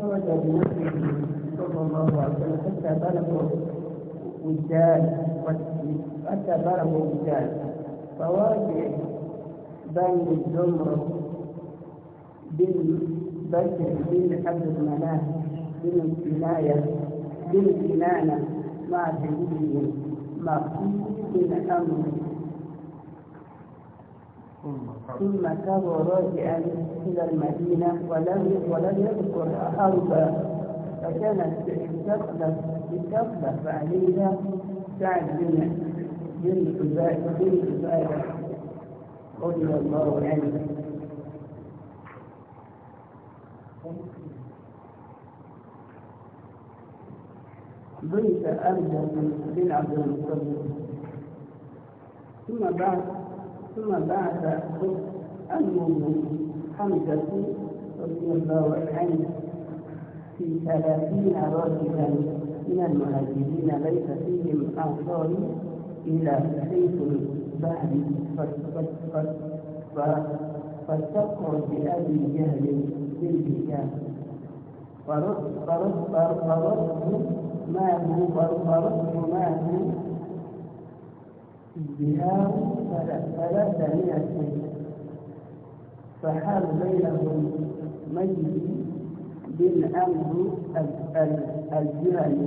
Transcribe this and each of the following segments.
خرج بنفسه صلى الله عليه وسلم حتى بلغ وجدان حتى بلغ وجدان فواجه بين الزمر بن بشر بن عبد المناف بن الكناية بن كنانة مع سيده مقصود من عمرو ثم كان راجعا إلى المدينة ولم ولم يذكر حربا فكانت استخلف بكفلة عليها سعد بن بن بن رضي الله عنه ضيف أرجى بن عبد المطلب ثم بعد ثم بعد المؤمن خمسة رضي الله عنه في ثلاثين راجلا من المهاجرين ليس فيهم أنصاري إلى حيث البحر فاستقر بأبي جهل بالحجاب فرد فرد فرد هو فرد هو بها فلا فلا ثانية فحال بينهم مجد بن عمرو الجهني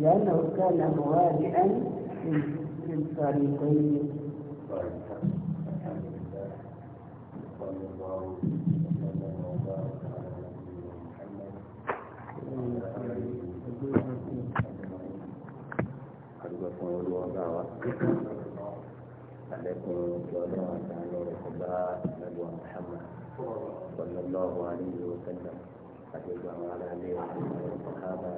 لأنه كان موالئا في الفريقين. Thank you. عليكم وعلى آله وصحبه نبوة محمد صلى الله عليه وسلم حديث وعلى آله وصحبه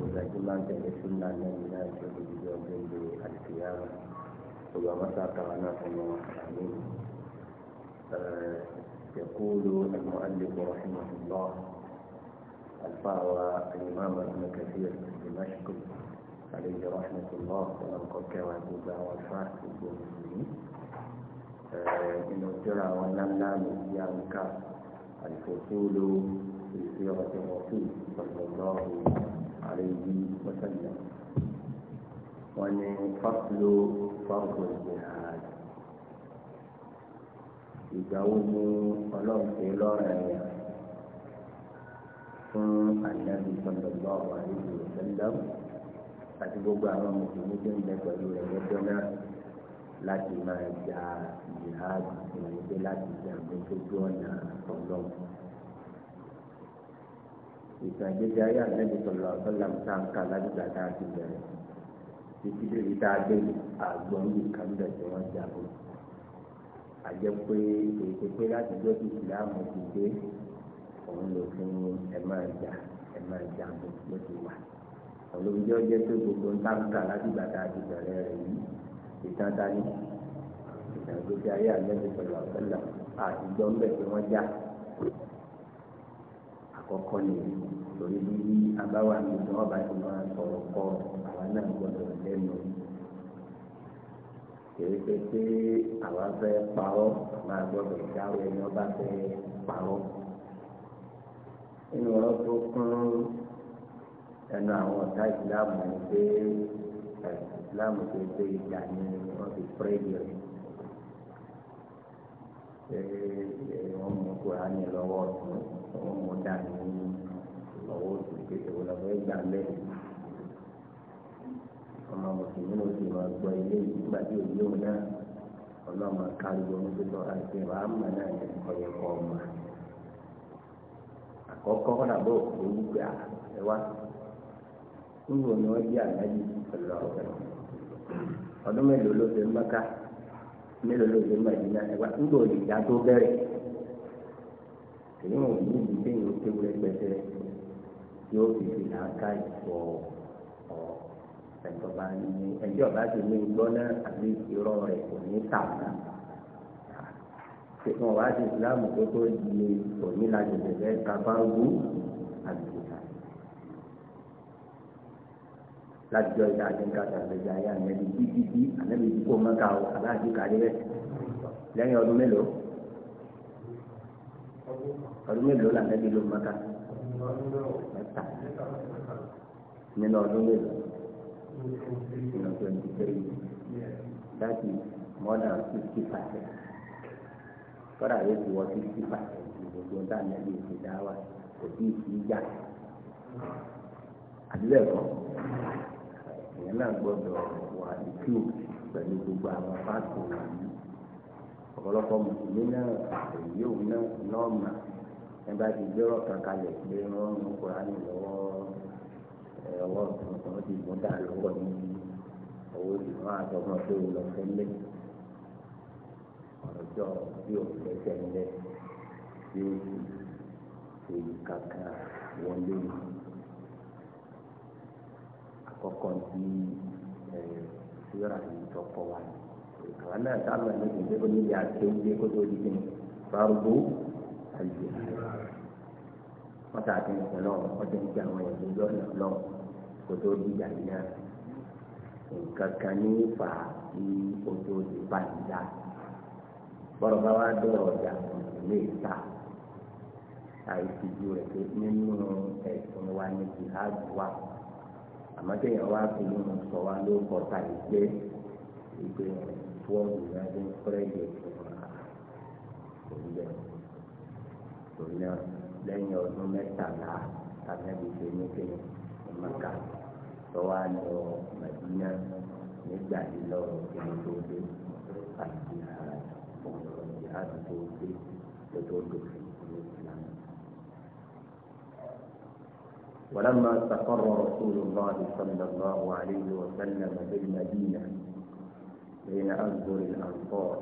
ولكن ما كان يسمى أن الناس يجوز بالقيامة ومتى قرأناكم وحامين يقول المؤلف رحمه الله الفاوى الإمام ابن كثير دمشق عليه رحمة الله وقد وابو دعوة فاحت المسلمين إنه ترى ونمنا من يامك الفصول في سيرة الرسول صلى الله عليه وسلم وأن فصل فرض الجهاد يقوم ولو في لورنيا فالنبي صلى الله عليه وسلم àti gbogbo àwọn mùsùlùmí tó ń bẹ pẹ̀lú rẹ̀ lọ́jọ́ náà láti máa ja jihadi ìwọ̀n ìgbé láti jà lójú ọ̀nà ọlọ́run. ìtàgéjì ayé àtẹ́bí sọ̀rọ̀ ọ̀sọ́là tá ń kà ládùúgbà tá a ti bẹ̀rẹ̀ títí débi tá a dé àgbọ̀n yìí kan bẹ̀ tí wọ́n jà bó. àjẹ́ pé ètò pé láti jọ́ ti ìsìláàmù ti dé òun lòfin ẹ̀ máa jà ẹ̀ máa jà bó ló wà olùdíjọ́ jẹ́ pé gbogbo ń tàbíkà láti gbàdá ìbẹ̀rẹ̀ rẹ̀ yìí ìtàn dání ìtàn gbogbo ayé àlẹ́bí pẹ̀lú àfẹ́lẹ̀ àtijọ́ ń bẹ̀ pé wọ́n já àkọ́kọ́ ni torí bí abáwa mi ni wọ́n bá ti máa sọ̀rọ̀ kọ́ àwa náà gbọ́dọ̀ lẹ́nu kìí ṣe pé àwa fẹ́ parọ́ máa gbọ́dọ̀ jáwé ẹni ọba fẹ́ parọ́ nínú ọ̀rọ̀ tó kún ẹnu àwọn ọ̀tá ìsìláàmù ni pé ìsìláàmù tó ṣe ìjà ni wọ́n fi pírẹ́dì rẹ̀ ṣé wọ́n mú kúránì lọ́wọ́ ọ̀tún wọ́n mú dání lọ́wọ́ òtún pé èwo lọ́wọ́ ìgbà mẹ́rin ọmọ mùsùlùmí ló ti máa gbọ́ ilé ìgbà tí òbí òun náà ọlọ́mọ kárígbó ń gbé lọ àti ìwà náà ní ọ̀yẹ̀kọ̀ ọmọ àkọ́kọ́ kọ́dà bó òkú gbà ẹ wá kúrò ní wọ́n jẹ́ ànábì pẹ̀lú àwọn ọdún mélòó ló fi mọ́ká mélòó ló fi mọ̀dínà ẹ̀wá nígbà òní ìjà tó bẹ̀rẹ̀ èyí wọn ò ní ibi tí yóò kéwu ẹgbẹ́sẹ̀ yóò fi fi làákà ìfọ̀ ọ̀ ẹ̀jọba ní ẹ̀jẹ̀ ti ní gbọ́ náà àbí irọ́ rẹ̀ kò ní tààtà ṣé wọn wá ìsìlámù tó tó di òní làjẹjẹ bẹ́ẹ̀ kábàáwú lájọ ìdá àdínká tàbíjà ayé ànẹ́bí títí ànẹ́bí tí kò mọ́ka o aláàjì kárí rẹ̀ lẹ́yìn ọdún mélòó ọdún mélòó lànẹ́bí ló mọ́ka mẹ́ta nínú ọdún mélòó nínú twenty three that is more than fifty percent kọ́dà yóò ti wọ fifty percent gbogbo ń tà ànẹ́bí ìṣèdáwà kò tí ì sí ìjà àdúrà ẹ̀kọ́ èèyàn náà gbọ́dọ̀ wà ìkú pẹ̀lú gbogbo àwọn fáàkì wọ̀nyí ọ̀pọ̀lọpọ̀ mùsùlùmí náà èyí òun náà nọ́ọ̀mà ẹ bá ti gbérò kan kalẹ̀ pé wọ́n mú kúránì lọ́wọ́ ọwọ́ tuntun ti mú dà lọ́wọ́ ní owó tí wọ́n á sọ fún ọ lọ fẹ́lẹ́ ọjọ́ bí o lẹ́sẹ̀ ńlẹ̀ bí o sì ṣe kankan wọlé yìí kọ́kọ́ di síra yìí tọkọ wa àwọn náà sábà ní ìdílé oníyà kéwúlé kó tó di kí ni farugbó àyè wọn tà àti nìkan náà wọn ti ń jẹ àwọn ẹ̀yìn lọ́nà náà kó tó di ìyá yìí náà nǹkan kan ní fà ní ojú òde báyìí dá bọ́dọ̀ bá wá dọ̀rọ̀ ọjà ìlú ìta àìsíjú rẹ̀ pé nínú ẹ̀sìn wa ní jihad wà àmọ́ kéèyàn wá fi ní mo sọ wá ló kọ ta ìgbé ìgbé fúọ́ọ̀mù náà ní fúrẹ́ẹ̀dì ìfúnra òwúlẹ̀ òwúlẹ̀ náà lẹ́yìn ọdún mẹ́tàlá tàbí ṣe ní kéèyàn ọmọkà lọ́wọ́ àlọ́ màdínà nígbà lílọ kéèyàn tó dé àti àdúgbò dé tó tó dòfin. ولما استقر رسول الله صلى الله عليه وسلم بالمدينة بين أزهر الأنصار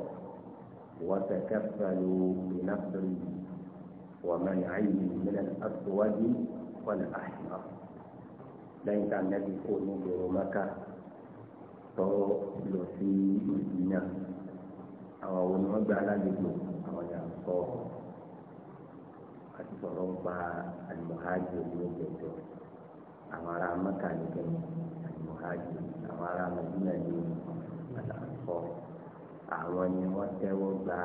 وتكفلوا بنصره ومنعه من الأسود والأحمر لأن كان النبي يقول برومكة مكة lọ sí أو àwọn òun wọn gbà lálejò àti sọ̀rọ̀ ń pa àlùmọ́hájì olóògbẹ̀jọ àwọn ará mẹ́ka nìkan àlùmọ́hájì àwọn ará mẹ́dínà ní àlàfọ́ àwọn ni wọ́n tẹ́wọ́ gba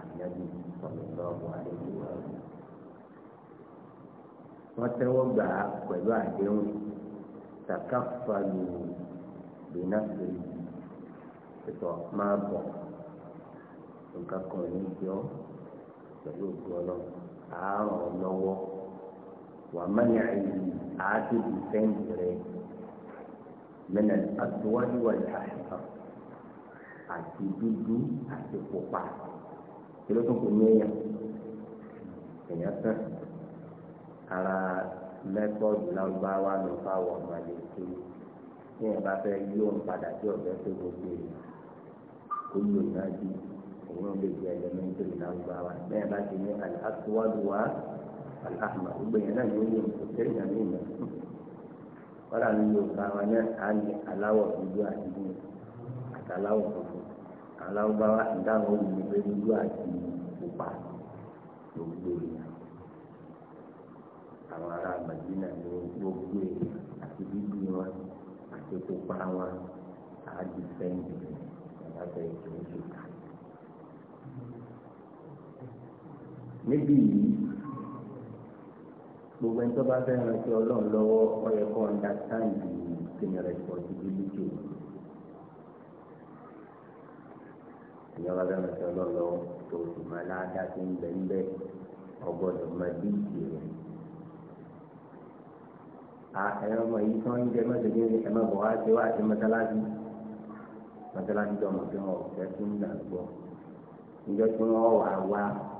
àyẹ̀bí ọ̀lọ́gbọ̀ àdéhùn wọ́n tẹ́wọ́ gbà pẹ̀lú àdéhùn takafalu bínafẹ́ ìtọ̀ máa bọ̀ nǹkan kan ní jọ pẹ̀lú ògbọ́n náà àárọ̀ lọ́wọ́ wà mẹ́rin àyè àádébù sẹ́yìn rẹ̀ mẹ́nà àtiwájú wà láàyè àti dúdú àti pupa kí ló tún kò ní èèyàn èèyàn tán ara mẹ́tọ́ọ̀dù lárúbáwá ló bá wọ̀ ọ̀nà lè ké tí èèyàn bá fẹ́ padà sí ọ̀gá tó gbogbo èèyàn kó lò náà dìbò òun lè jẹ ẹlẹmẹtì lágbára bẹ́ẹ̀ bá ti ní aláṣọwádùwà aláhàmà gbogbo yẹn náà ní oyè kò tẹ ìyàn ní ìmọ̀ kọ́lá ní yorùbá wa náà á ní aláwọ̀ dúdú àdúgbò àtàláwọ̀ funfun aláwọ̀ bá wa ìdáhùn òyìnbó pé dúdú àti pupa gbogbo èèyàn àwọn ará àgbàdínà ní gbogbo èèyàn àti dúdú wọn àti pupa wọn àá fẹ́ǹdì rẹ̀ ẹ̀ka bẹ̀rẹ̀ kì í níbí yìí gbogbo ẹni tó bá fẹ́ ràn sí ọlọ́run lọ́wọ́ ó yẹ kó understand the responsibility ìyá bá fẹ́ ràn sí ọlọ́run lọ́wọ́ tó sì máa láàdá sí ń bẹ ń bẹ ọgbọ́dọ̀ máa bí ìdí rẹ̀ ẹ̀rọ ọmọ yìí tí wọ́n ń ní ẹ̀mọ́ bọ̀ wá sí wá sí mọ́sálásí mọ́sálásí tó ọmọ tí wọ́n fẹ́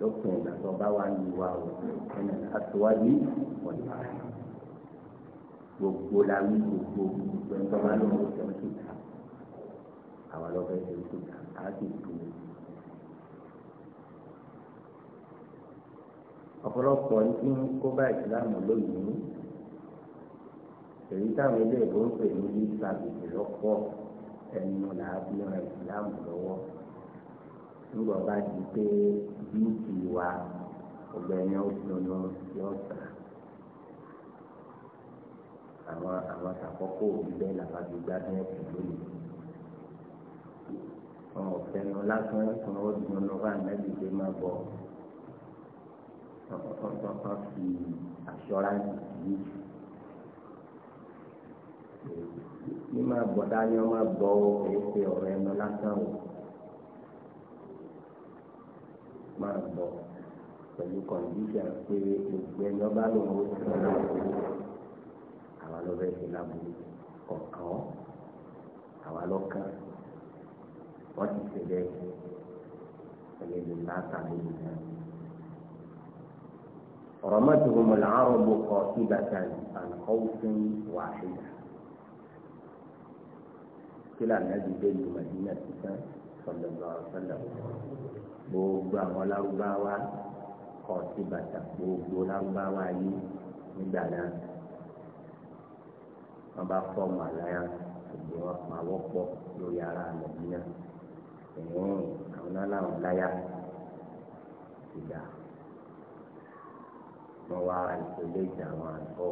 lópin ìgbà tó bá wà ní ìwà o ẹnì àtiwájú wọn ìwà rẹ gbogbo la wí gbogbo gbogbo ẹni tó bá lọ wọ sọ síta àwọn lọfẹ ṣe síta á sì dúró. ọ̀pọ̀lọpọ̀ ní kó bá ìsìlámù lónìí èyí táwọn ilé ìbò ń ní yíṣà lọ́pọ̀ ẹnu làá fi ran ìsìlámù lọ́wọ́ nígbà bá di pé bíìtì wa ọgbẹ́ni ọ̀dùnnú yóò sà àwọn àwọn àkọ́kọ́ òbí bẹ́ẹ̀ làwọn àti gbádùn ẹ̀sìn lónìí wọn ò fẹnu lásán ẹ̀sìn ọ̀dùnnú wa nẹ́bí pé má bọ̀ wọ́n fi assurance yìí ní má bọ̀ dání wọ́n má bọ̀ ọ́ èyí ṣe ọ̀rọ̀ ẹnu lásán o. máa ń bọ̀ pẹ̀lú kọ̀ǹdíṣà pé gbogbo ẹni ọba lòun ó ti wọn láàbùrú àwa lọ bẹ́ẹ̀ ṣe láàbùrú kọ̀ọ̀kan àwa lọ́kàn wọ́n ti ṣe bẹ́ẹ̀ ẹni lè láta lórí ọ̀rọ̀ mọ́tò wọn làárọ̀ mo kọ ìbàdà àlùkọ́wùsìn wàhídà kí lànà ìdílé ìlú màdínà ti tán sọ̀dọ̀ lọ́rọ̀ sọ̀dọ̀ lọ́rọ̀ gbogbo àwọn lárúbáwá kọ sí bàtà gbogbo lárúbáwá yìí nígbà náà wọn bá fọmù àlàyé ìgbé wọn pa wọ́pọ̀ lórí ara àlọbí náà ẹ̀yìn àwọn náà làwọn láyà ìgbà wọn wá ìpele ìjà àwọn àgbọ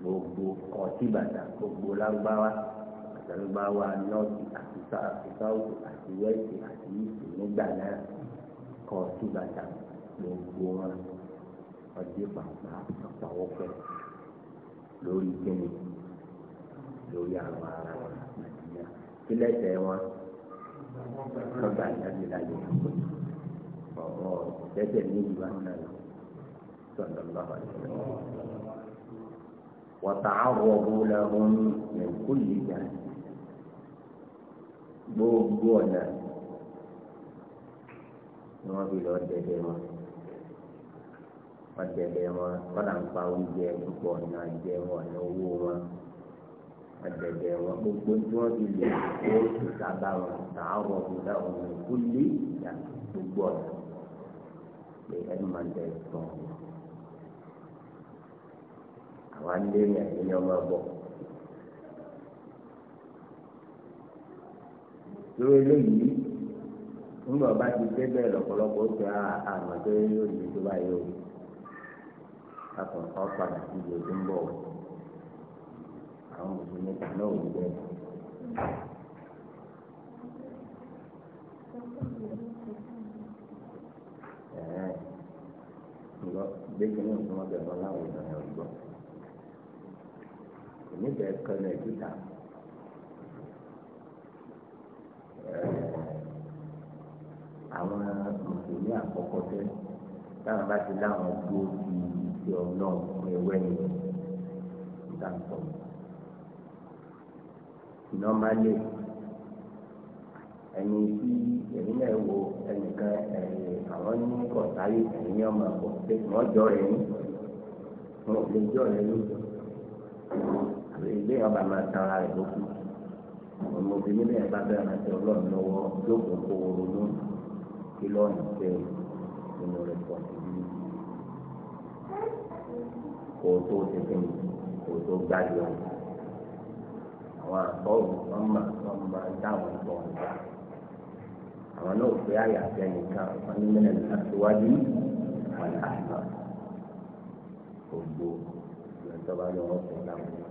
gbogbo kọ sí bàtà gbogbo lárúbáwá bàtà lárúbáwá nọọsì àti sáwùsì àti wẹẹsì àti yìí nígbà náà kọ́ síbàtà gbogbo wọn ọdí pàpà àpawọ́pẹ́ lórí kíni lórí àwọn ará wọn nàìjíríà sílẹ̀ tẹ̀ wọn kọ́gbà ìdájọ́ ìdájọ́ ìdájọ́ ọ̀rọ̀ ìdẹ́sẹ̀ méjì wà náà sọ̀rọ̀ lọ́wọ́ ìṣẹ̀lẹ̀ wàtàwọ̀bù lẹ́hùn ní kúlì náà gbogbo ọ̀nà ni wọ́n fi lọ dẹ̀dẹ̀ wọn wọ́n dẹ̀dẹ̀ wọn wọ́n là ń pa oúnjẹ púpọ̀ ọ̀nà jẹ wọn owó wọn wọ́n dẹ̀dẹ̀ wọn gbogbo tí wọ́n fi lè kó ìta bá wọn tààrọ̀ ìta ọ̀nà kúlé ìta gbogbo ọ̀nà pé ẹni máa ń tẹ̀ tán àwọn ilé ní ẹ̀yìn ọmọ bọ̀. Lórí eléyìí nígbà ọba ti dé bẹ́ẹ̀ lọ́pọ̀lọpọ̀ ó fẹ́ àmọ́ ah, ah, pé yóò di tó bá yóò akọ̀kọ́ padà sí ibi tó ń bọ̀ àwọn mùsùlùmí kan náà ò ní bẹ́ẹ̀. lọ gbẹ́gbẹ́ náà tí wọ́n bẹ̀ lọ láwọn ìlànà ọ̀gbọ́. Èmi bẹ̀rẹ̀ kọ́ lẹ̀ kíkà àwọn mùsùlùmí àkọ́kọ́ tẹ́ táwọn bá ti láwọn dúró sí iṣẹ́ ọlọ́run fún ẹwẹ́ ni ìgbà ń sọ. nọ́málẹ̀ ẹni tí ẹ̀yin náà wo ẹnìkan àwọn ní kọ̀tàlì ẹ̀yin ní ọmọ àbọ̀ pé wọ́n jọ rẹ̀ ní wọn ò lè jọ rẹ̀ ní àbẹ̀ ilé ọba máa tan ara rẹ̀ lókun ọmọbìnrin náà bá bẹ́ẹ̀ máa tẹ ọlọ́run lọ́wọ́ yóò kó kó ronú kílọ̀nù tẹ nínú responsibility kò tó tẹ̀sán kò tó gbájú ọ̀hún àwọn àtọ́wò wọn mà wọn mà dáwọn tó wọn gbà àwọn náà fi àyà fẹ́ nìkan wọn ní mílẹ̀ ní aṣíwájú wọn là ń lọ gbogbo ìgbàjọba ni wọn fẹ́ lábúrò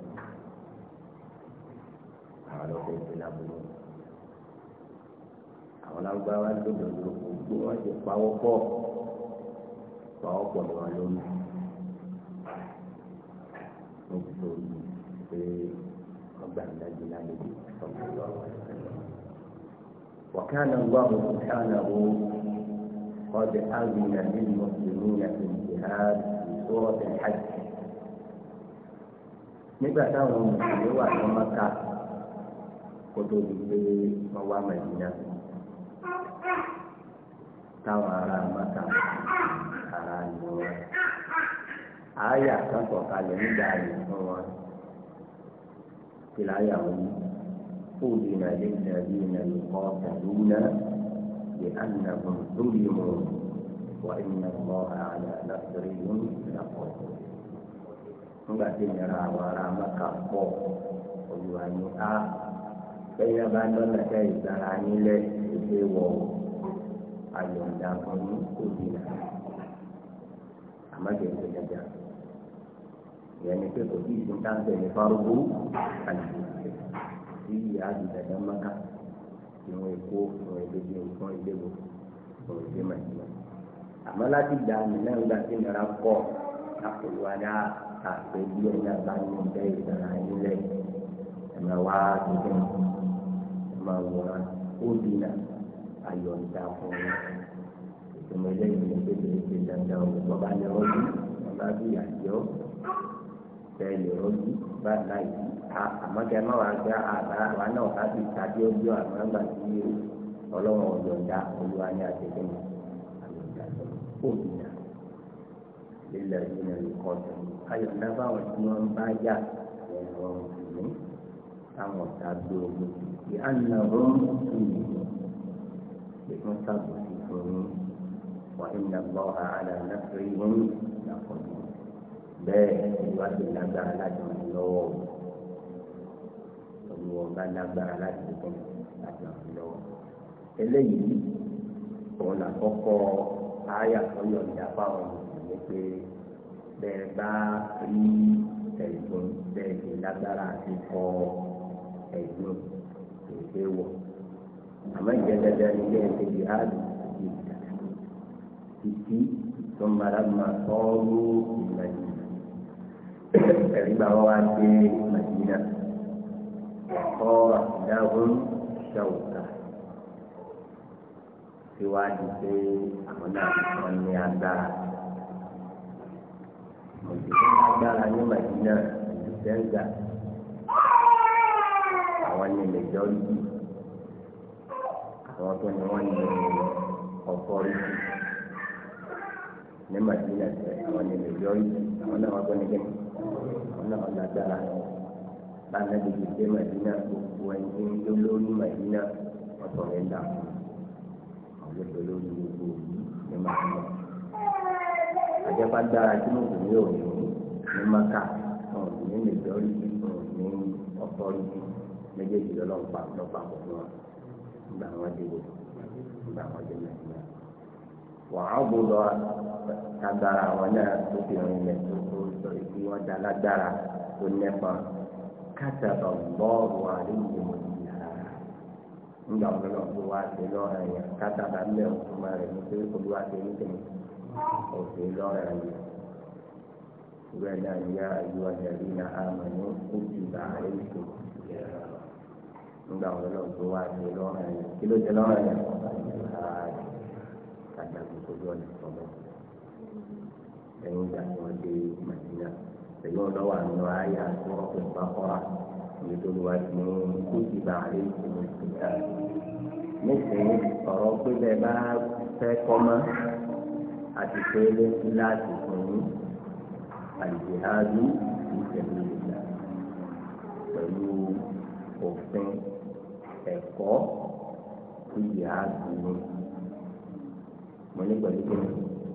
àwọn lọ́kọ̀ọ́ fẹ́ lábúrò àwọn lágbára lódodo gbogbo wọn ti pawọ́ pọ̀ pawọ́ pọ̀ lọ́wọ́ lónìí gbogbo pé ọgbà ìdájí láyé bí ọgbà ìlọrọ وكان الله سبحانه قد أذن للمسلمين في الجهاد في سورة الحج nígbà táwọn mùsùlùmí wà ní kó tó di pé wọ́n wá mẹ́dínà táwọn ará mọ́ta ara ni wọ́n àáyà kan sọ̀kalẹ̀ nígbà yìí fún wọn kìlá yàwó fúdi nàlẹ́ nàbí nàlẹ́ kọ́ tàdúnà lè ànàbùn lórí mọ́ wà ìnà mọ́ àlà lásìrì yìí lọ́pọ̀. nígbà tí ìnira àwọn ará mọ́ta pọ̀ olùwà ah, ni a bẹ́ẹ̀ bá lọ́nà ká ìgbára yín lẹ́yìn ti lé wọ àyọ̀ǹda kan ní òbílà àmọ́jẹ̀sẹ̀ jẹjà ìyẹn ni pé kò tíì sí táǹtẹ̀ ní fárúgbó àlejò tí ìyá àdìdàdà mọ́ká ìwọ̀n èkó ìwọ̀n èdèdè nǹkan ìdèbò ìwọ̀n èdè màjìmá àmọ́ láti gbà mí náà gbà sí nira kọ́ àpòlùwádà àpè bí ẹ̀dá bá ní ọ̀bẹ ìgbàlá yín lẹ̀ ẹ̀mẹ̀ wá tuntun ẹ̀mẹ̀ wọ̀ràn udina ayọ̀ǹda fún mi ìtumọ̀ eléyìí ní pépè ní pé dandan o bàbá lè rọ́jú bàbá bí àjọ bẹ́ẹ̀ lè rọ́jú bá láì sí àmọ́ kí ẹ má wàá gbá àbá wa náà ká sì tàbí ọjọ́ àmọ́ gbà sí ọlọ́run ọ̀yọ̀ǹda olúwa ní àtẹ̀kẹ́ mi àyọ̀ǹda udina lílẹ̀ yìí ní ẹ̀kọ́ tó ayọ̀ǹda báwọn tí wọ́n bá yà ẹ̀rọ mùsùlùmí táwọn ọ̀tá gbé ogun لأنهم فيه بمصابتهم وإن الله على نصرهم لقدير bẹ́ẹ̀ ìwádìí lágbára láti ràn yín lọ́wọ́ olùwọ́ bá lágbára láti ràn láti ràn yín lọ́wọ́ eléyìí òun làkọ́kọ́ àyà tó yọ̀ǹda fáwọn mùsùlùmí pé bẹ́ẹ̀ bá rí ẹ̀gbọ́n bẹ́ẹ̀ lágbára àti kọ́ ẹ̀gbọ́n ṣe wọ̀ àmọ́ ìjẹ́ dandan ní ilé ẹ̀ṣẹ̀ jihadu ti ìdàgbà títí tó ń bára máa tọ́rú ìmọ̀lẹ́yìn ẹ̀rí gbà wọ́n wá dé màdínà ọ̀kọ́ àdáhùn ṣàwùkà síwájú pé àwọn náà wọ́n ní agbára mọ̀lẹ́yìn agbára ní màdínà ìdíjẹ́ ń gbà àwọn ní majority àwọn tó ní wọ́n ní authority ní madina tẹ àwọn ní majority àwọn náà wọ́n tó ní kẹ́kẹ́ àwọn náà wọ́n lágbára báńkà tètè dé madina gbogbo ẹni tó ń gbé lórí madina ọ̀tọ̀ rẹ̀ dà àwọn tó lórí gbogbo yìí ní madina àjẹpá dára tí mo kò ní òní ní maka òní ní majority òní méjèèjì lọ́lọ́ pa lọ́pàá pọ̀ fún wa nígbà wọn dé wò nígbà wọn dé nàìjíríà wàá gbọ́dọ̀ agbára wọn náà tó fi hàn ilẹ̀ tó tó sọ èyí wọn dá lágbára tó nẹ́pa kátàbà bọ́ọ̀lù àríyìn nígbà wọn lọ́nà tó wá sí lọ́rọ̀ yẹn kátàbà ń bẹ̀ òkú máa rẹ̀ ní pé olúwa ṣe ní tèmi òfin lọ́rọ̀ yẹn. ولا يا أيها الذين آمنوا كتب عليكم الصيام nígbà wọn lọ tó wá ṣe lọ́rùn ẹ̀ kí ló ṣe lọ́rùn ẹ̀ kàdà gbogbo lọ́ọ̀nì tọ́lọ́ lẹ́yìn ìgbà tí wọ́n dé màdínà pẹ̀lú ọlọ́wọ́ àná àyà tó ọ̀pẹ̀ pàkọ́ra ní tolúwa ti mú kó ti ìṣòro ìṣòro nísìnyí ọ̀rọ̀ pé bẹ́ẹ̀ bá fẹ́ kọ́mọ́ àti pé lẹ́sí láti fún yín àlùjẹ́ àdú ìṣẹ̀lẹ̀ ìgbà pẹ̀lú òfin ẹ̀kọ́ tó yẹ àgbèrè mo ní pẹ̀lú pé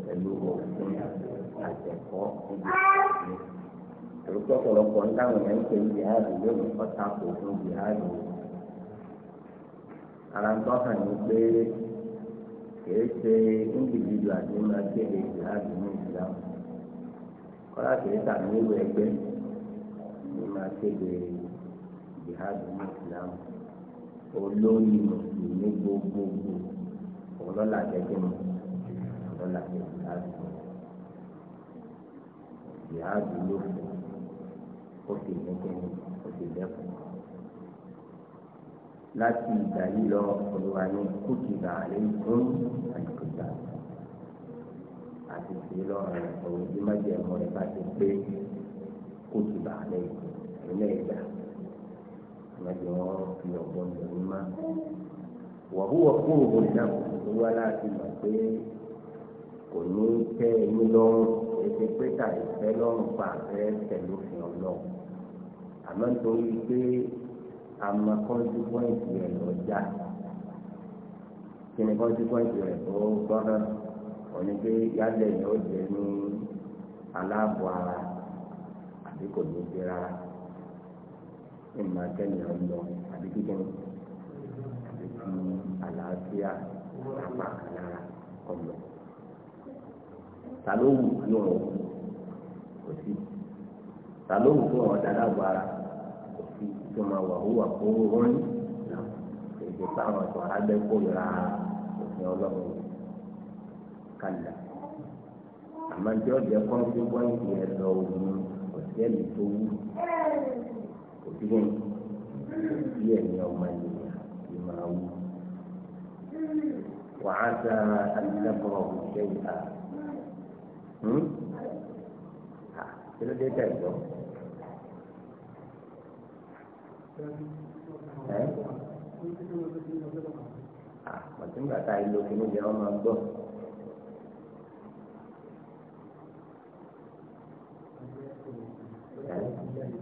pẹ̀lú òfin àtẹ̀kọ́ tó yẹ àgbèrè pẹ̀lú pọ̀pọ̀lọpọ̀ nítawọn èèyàn ń pè ní jihadu yóò ní ọ̀tá kò fún jihadu ara ń tọ́ka ní pé kìí ṣe individu àti máa kéde jihadu ní ìsìlámù kọ́lá kìí ṣàmúlò ẹgbẹ́ ní máa kéde jihadu olórí mùsùlùmí gbogbogbò ọlọ́lá jẹjẹ mọ ọlọ́lá jẹjẹ láti ìyáàdù ló fún ó sì lẹ́kẹ̀ẹ́ ó sì lẹ́kùn. láti ìgbà yìí lọ olùwà ní kùtìlà àlékún àyíkúta àti sí lọ́rùn òun bí májẹ̀mú rẹ̀ bá ti pé kùtìlà àlékún ẹ̀lẹ́gbàá mẹjọ fi ọ̀bọ lòún má wàhùwà kúrò bò náà wíwá láti mọ̀ pé kò ní tẹ́ ẹyin lọ́rùn ètò pé tàbí fẹ́ lọ́rùn pa àfẹ́ tẹ̀lé òfin ọlọ́run àmọ́ nítorí pé àmọ́ kọ́ńtíkọ́ǹtì rẹ̀ lọ́jà kí ni kọ́ńtíkọ́ǹtì rẹ̀ tó gbọ́dọ̀ òní pé yálẹ̀ yóò jẹ́ ní aláàbọ̀ ara àbí kò ní í jẹ́ rárá ẹ̀ máa tẹ̀lé ọ lọ àbí kíkẹ́ àbí kí àlàáfíà apá kan lára ọlọ. ta ló wù kí ọ̀rọ̀ wù kò sí ta ló wù kí ọ̀rọ̀ dáadáa bọ̀ ara kò sí tó máa wà hùwà kó wọ́n ní èdè táwọn ọ̀tọ̀ arábẹ́ kó yọra òfin ọlọ́run kàlà àmọ́ tí ọ̀jẹ̀ kan tó wáyé òun kò tó wù síbẹ̀ díẹ̀ ní ọmọ ènìyàn ti máa wú. wàá sa àdìsẹ́kọ̀ọ́ òṣìṣẹ́ ìta. Hmm? kí ló dé tẹ̀ gbọ́? àtúngbà tá a lo kìnnìún ọmọ gbọ́. Thank you.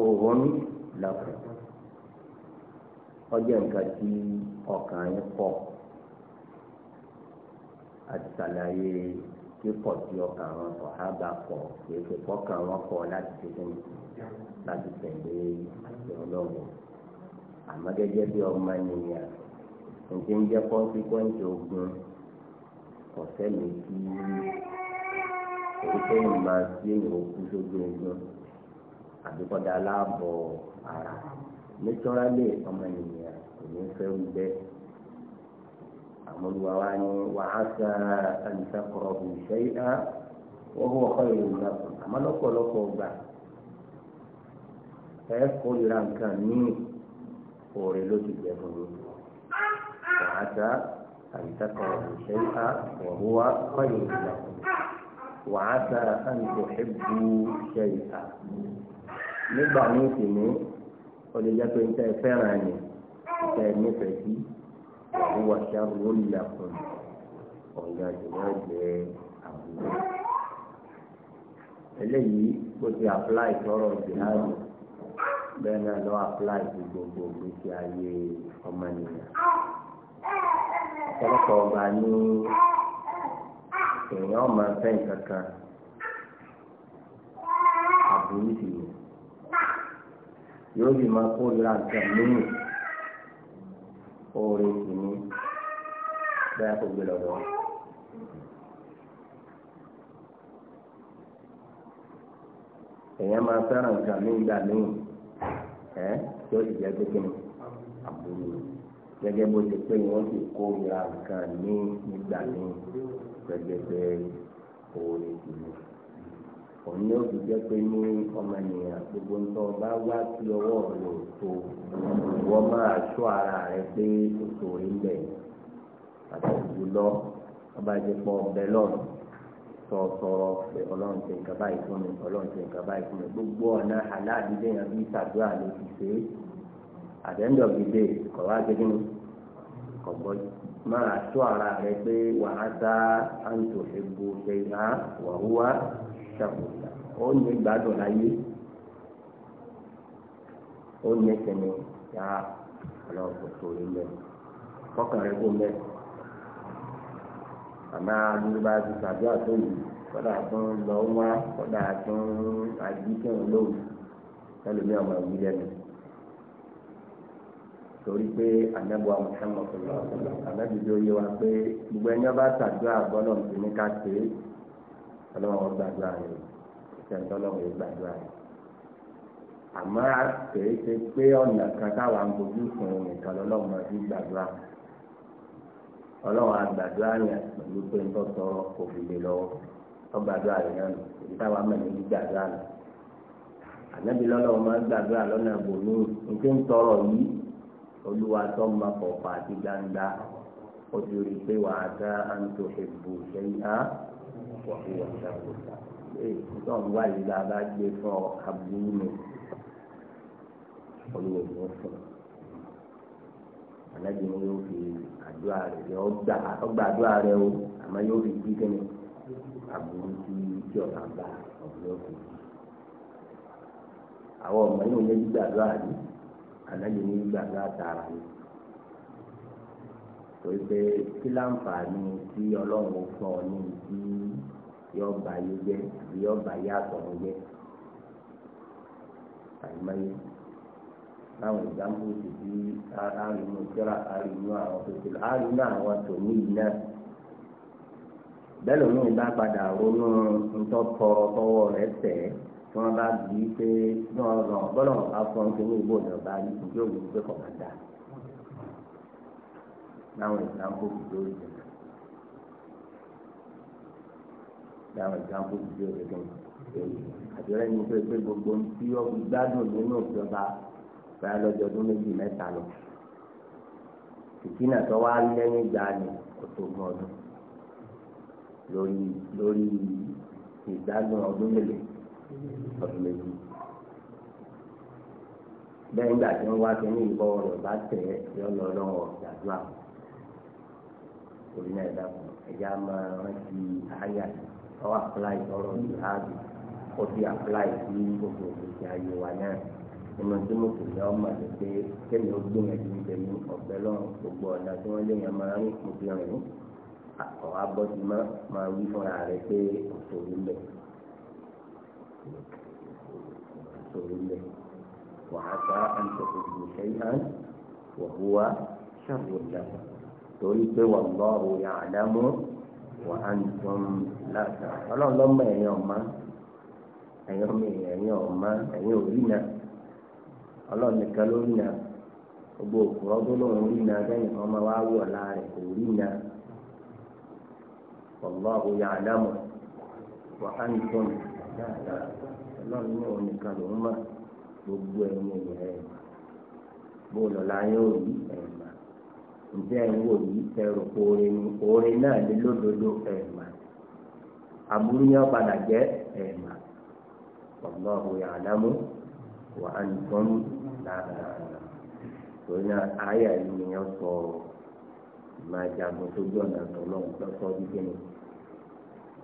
òhun lọ́kùn ọjọ́ nǹkan tí ọkàn yín pọ̀ àti sàlàyé kíkọ̀ tí ọkàn wọn kọ̀ ábà pọ̀ kì í ṣe pọ́kàn wọn kọ̀ láti tètè láti tẹ̀lé àti ọlọ́run àmọ́ gẹ́gẹ́ bí ọmọ ènìyàn ǹjẹ́ ń jẹ́ kọ́ńtíkọ́ńtì ogun ọ̀sẹ̀ mi kí orúkọ yìí máa gbé ìwòkú sójú ogun àbíkọ́dá aláàbọ̀ ara lẹ́tọ́rálẹ̀ ọmọ ènìyàn kò ní fẹ́ ń bẹ́ àwọn olùwàwá ni wà á sa àlùfẹ́kọ̀ọ́ ìṣe ìhá wọ́n bọ̀ ọkọ ìròyìn náà àmọ́ lọ́pọ̀lọpọ̀ gbà ẹ kórìíra nǹkan míì òòrè ló ti jẹ fún mi wà á sa àlùfẹ́kọ̀ọ́ ìṣe ìhá wọ́n bọ̀ ọkọ ìròyìn náà wà á sa àlùfẹ́kọ̀ọ́ ìṣe ìhá nígbà míì sì ní olùjẹ́ pé níta ẹ fẹ́ràn ni níta ẹ nífẹ̀ẹ́ sí ìyàwó àṣà olùyàkùn ọ̀gá ìjọba jẹ́ àbúrò. eléyìí ó ti apply sọ̀rọ̀ jihadi bẹ́ẹ̀ náà lọ́ apply sí gbogbo ìgbésí ayé ọmọnìyàn. ọ̀pọ̀lọpọ̀ ọba ní èèyàn máa fẹ́ nǹkan kan àbúrò sì yóò sì máa kórìíra nǹkan lónìí oore sì ni bẹ́ẹ̀ kò gbé lọ́wọ́. èèyàn máa fẹ́ràn nǹkan ní ìgbà míì ẹ́ tí ó sì jẹ́ pé kíni àbúrò gẹ́gẹ́ bó ti pé wọ́n sì kórìíra nǹkan ní ìgbà míì gẹ́gẹ́ oore sì ni òun ni ó fi jẹ́ pé ní ọmọ ènìyàn gbogbo ń tọ́ bá wá sí ọwọ́ rẹ̀ òtò wọ́n máa ṣọ́ ara rẹ̀ pé òtò rí ń bẹ̀ àtàkùn jùlọ ọba jẹ́ pọ̀ bẹ́lọ́ọ̀nù tọ̀ọ̀tọ̀rọ̀ pé ọlọ́run ṣe nǹkan báyìí fún mi ọlọ́run ṣe nǹkan báyìí fún mi gbogbo ọ̀nà aláàbí lẹ́yìn bí ìtàdúrà ló ti ṣe é at the end of the day kọ̀ wá máa tó ara rẹ pé wàá sá àǹtò ṣe bu ṣe hàn wàhúwá ṣàkóso ó ní gbádùn láyé ó ní ẹsẹ̀ni ya ọlọ́ọ̀kọ̀tò ilẹ̀ kọ́kàn rẹ̀ kó mẹ́ àmọ́ adúlúbá ti tàbí àtòyí kọ́dà tó ń lọ wá kọ́dà tó ń ajíkẹ́hìn lóru ẹlòmíì ọmọ ìlú lẹ́nu torí pé anábọ̀ Muhammad sallallahu alaihi wasallam anábìyí ó yé wa pé gbogbo ẹni ọba tàbí àgbọ̀nà òsì ní ká ṣe é ọlọ́wọ́ gbàdúrà rẹ̀ ìṣẹ̀ntọ́lọ́wọ́ gbàdúrà rẹ̀ àmọ́ kìí ṣe pé ọ̀nà kan táwa ń bójú fún un nìkan lọ́lọ́wọ́ máa fi gbàdúrà ọlọ́wọ́ àgbàdúrà yẹn pẹ̀lú pé ń tọ́ sọ kò fi lè lọ́wọ́ ọgbàdúrà rẹ̀ náà nù èyí táwa mọ̀ ní gbàdúrà nù ànábi lọ́lọ́wọ́ máa gbàdúrà lọ́nà bòmí nǹkan ń tọrọ yìí olúwa tó ma kọ̀ọ̀kọ̀ àti gbangba ó ti rí i pé wàá dá àǹtò ìbò ṣẹ́yìn á wà fún wọn ṣàkóso ìtọ́ wà yìí la bá gbé fún ọ aburú mi olùwòsàn fún anájú ni yóò fi àdúrà rẹ yọ ọgbà àdúrà rẹ o àmọ́ yóò fi bí kí ni aburú tí tí ọba bá ọ̀gbìn òkú àwọn ọmọ yìí ń lé gbàdúrà yìí anájú ni gbàdúrà tààrà yìí torí kí láǹfààní tí ọlọ́run fún ọ ní tí yóò bá jẹ àbí yóò bá àtọ̀run jẹ àìmọye láwọn ìdáhùn ti di àrùnú kíra àrùnú àwọn tuntun àrùnú àwọn tòní yìí náà bẹ́ẹ̀ lómi bá padà ronú ntọ́ tọwọ́ rẹ̀ tẹ̀ tí wọ́n bá bí pé bọ́lọ̀ bá fọ́n kí ní ìbò ìjọba yìí yóò wù ú pé kọ̀ dáa láwọn ìsàmpù lórí ìjọba láwọn ìsàmpù lórí ìjọba àjọyọ̀ ní pé pé gbogbo tí ó gbádùn nínú ìjọba báyà lọ́jọ́ ọdún méjì mẹ́ta lọ ìkínà tó wá lẹ́yìn ìgbà ni kò tó gan ọdún lórí lórí ìgbádùn ọdún mélòó ọdún méjì bẹ́ẹ̀ nígbà tí wọ́n wá sí ní ìbọ̀wọ̀ rẹ̀ tẹ̀ yọ lọ lọ́wọ́ ìdájọ́ àwọn torí náà ẹ̀dá kan ẹ̀yà máa rántí àyà ọwọ́ apply ọ̀rọ̀ ìhàbì ó ti apply sí gbogbo ìgbésí ayé wa náà nínú tí mo kò lọ mọ̀ ní pé kémi ó gbìyànjú ibẹ̀ ní ọ̀gbẹ́ lọ́rùn gbogbo ọ̀nà tí wọ́n lé yẹn máa ń mú fi rìn àkọ́ abọ́dí máa wí fúnra rẹ̀ pé òṣòro lẹ̀ òṣòro lẹ̀ wàá sá àǹtọ̀kùnrin ṣẹ́yìn hàn wọ̀húwa ṣàbùdàbọ̀ torí pé wallahu ya'lamu wa antum la ta'lamun ọlọ́run lọ́mọ ẹ̀yìn ọ̀ma ẹ̀yìn ọmọ ẹ̀yìn ọ̀ma ẹ̀yìn òrìnà ọlọ́run nìkan ló rìnà gbogbo òkúrọ́ tó lóun rìnà lẹ́yìn ọmọ wa wọ̀ láàrẹ̀ òrìnà wallahu ya'lamu wa antum la ta'lamun ọlọ́run ní òun nìkan lòún mọ̀ gbogbo ẹ̀yìn ẹ̀yìn ẹ̀yìn bó lọ́la yóò rí ẹ̀yìn mọ́ ǹjẹ́ ẹ̀ ń wò yìí tẹ̀rù orin ni orin náà lè lódodo ẹ̀ẹ̀mà àbúrú ni wọ́n padà jẹ́ ẹ̀ẹ̀mà wallahu ya'lamu wa antum la ta'lamun torí náà ayé yìí ni wọ́n sọ máa jagun sójú ọ̀nà tọ́lọ́ lọ́sọ́ di kíni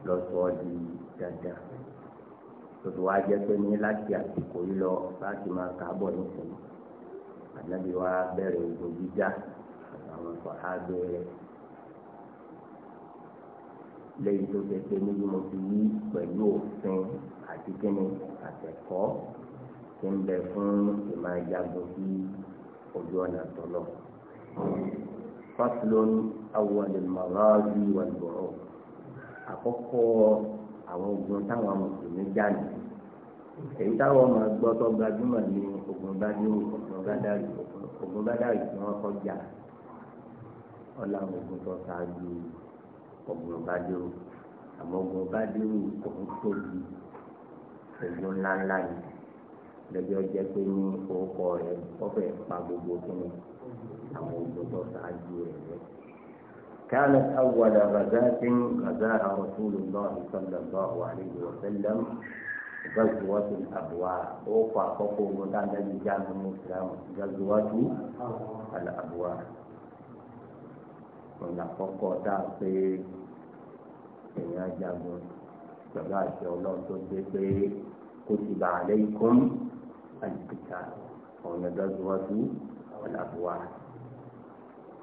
lọ́sọ́ di dáadáa tòtò wá jẹ́ pé ní láti àsìkò yìí lọ láti máa kà á bọ̀ nísìnyí ànábi wa bẹ̀rẹ̀ ògbò jíjà àwọn sọ̀hábẹ́ rẹ̀ lẹ́yìn tó ṣe pé níbi mo ti wí pẹ̀lú òfin àti kíni àtẹ̀kọ́ tí ń bẹ fún ìmọ̀ ìjagun sí ojú ọ̀nà tọ́lọ̀. faslun awwalil marazi wal bu'uth àkọ́kọ́ àwọn ogun táwọn mùsùlùmí jáde èyí táwọn ọmọ gbọ́ tó gbajúmọ̀ ní ogun bádàrí ogun bádàrí tí wọ́n kọjá ọlọ́run ogun tó ṣáájú ogun bádéwò àmọ́ ogun bádéwò òun tóbi ogun ńláńlá ni lọ́jọ́ jẹ́ pé ní orúkọ rẹ̀ ọ̀fẹ́ pa gbogbo kíni àwọn ogun tó ṣáájú rẹ̀ rẹ̀. كانت أول غزاة غزاها رسول الله صلى الله عليه وسلم غزوة الأبواء أوفى فوق مدى النبي جامع الإسلام غزوة الأبواء ọ̀nà àkọ́kọ́ tá a pé èèyàn jagun pẹ̀lú àti ọlọ́run tó dé pé kó ti bá a lẹ́yìn kún àdìgbìtà ọ̀nà dọ́júwájú ọ̀nà àbúwá.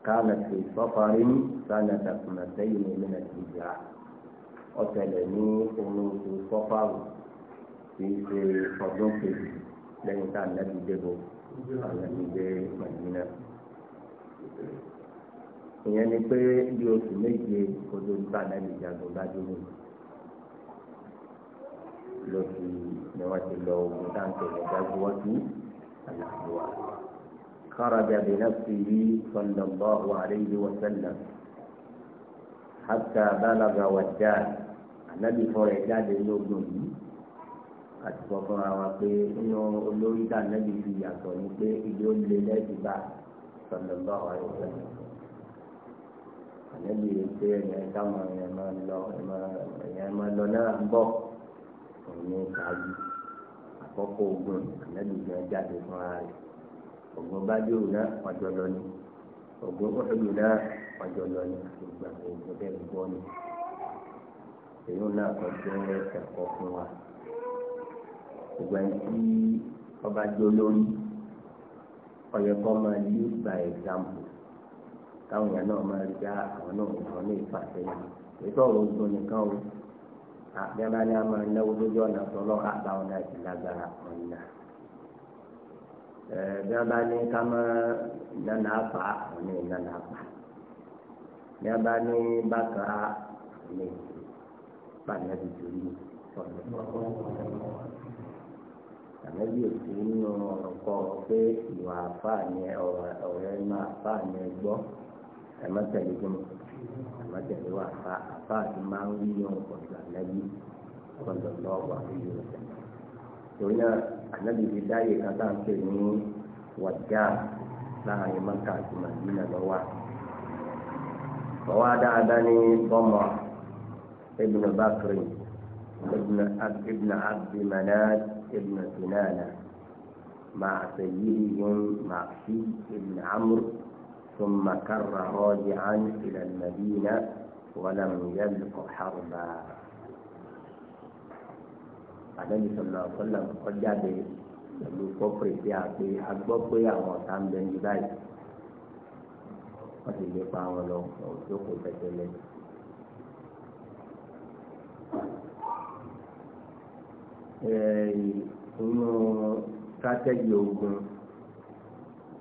كانت في سفر سنة سنتين من الهجرة ọ̀tẹlẹ̀ ní olóòtú sọ́fàrù tí í ṣe ọdún kejì lẹ́yìn tá a nẹ́bi débò a nẹ́bi dé màdínà ìyẹn ni pé bí oṣù méje kojú nípa nàbì jagun dájú mi lóṣù ni wọ́n ti lọ ogun táǹkì ní jagunwọ́sí aláàbúwà. خرج بنفسه صلى الله عليه وسلم حتى بلغ ودان النبي فرع جاد يوجد àti kọ̀ọ̀kan àwọn pé inú olórí dà nàbì fi yàtọ̀ ní pé ìdí ó lé lẹ́ẹ̀dì bá sọ̀lọ́gbà wà lọ́sẹ̀lẹ̀ ànábì yìí pé ẹ̀yàn táwọn èèyàn máa ń lọ èèyàn máa lọ náà ń bọ̀ òní káàdì àkọ́kọ́ ogun ànábì yìí jáde fún ara rẹ̀ ogun bájúrò náà ọjọ́ lọ ni ogun òṣèlú náà ọjọ́ lọ ni ìgbà ogun bẹ́ẹ̀ gbọ́ ni èyí náà kọ́ jẹ́ ẹ̀kọ́ fún wa ìgbà tí ọba jó lórí ọ̀yẹ̀kọ́ máa lead by example táwọn èèyàn náà máa rí dá ah, àwọn náà nǹkan ní ìfàsẹ́yìn ètò ọ̀rọ̀ ogun nìkan o àbẹ́bá ni a máa náwó lójú ọ̀nà tọ́lọ́ àbáwọn ah, náà ti lágbára ọ̀nà bíaba ní ká má nana afa ọ̀nà nana afa bíaba ní bàtà ọ̀nà pàdánù torí ọ̀nà ànábì òsì nínú ọ̀rọ̀ kọ́ pé ìwà afa ni ọ̀rẹ́ máa afa ni gbọ́ ẹ̀mọ́ tẹ̀lé gbọ́n ẹ̀mọ́ tẹ̀lé wà fà àfà àti máa ń wí yàn ọ̀dọ̀ ànábì ọ̀dọ̀ lọ́wọ́ àbíyọ ọ̀dọ̀. torí náà ànábì ti dáyé kan tá à ń pè ní wàjá láàrin mọ́kà àti màdínà lọ́wọ́. bọ́wá dáadáa ní bọ́mọ ibn bakri ibn abdi manat ibn sinana ma'a sayyidihim ma'a fi ibn amr ثم كر راجعا إلى المدينة ولم يلق حربا النبي صلى الله عليه وسلم قد jáde pẹ̀lú kọ́pìrì tí a pé a gbọ́ pé àwọn ọ̀tá ń bẹ ní báyìí wọ́n sì lépa àwọn lọ òjò kò tẹ̀tẹ̀lẹ̀. inú strategy ogun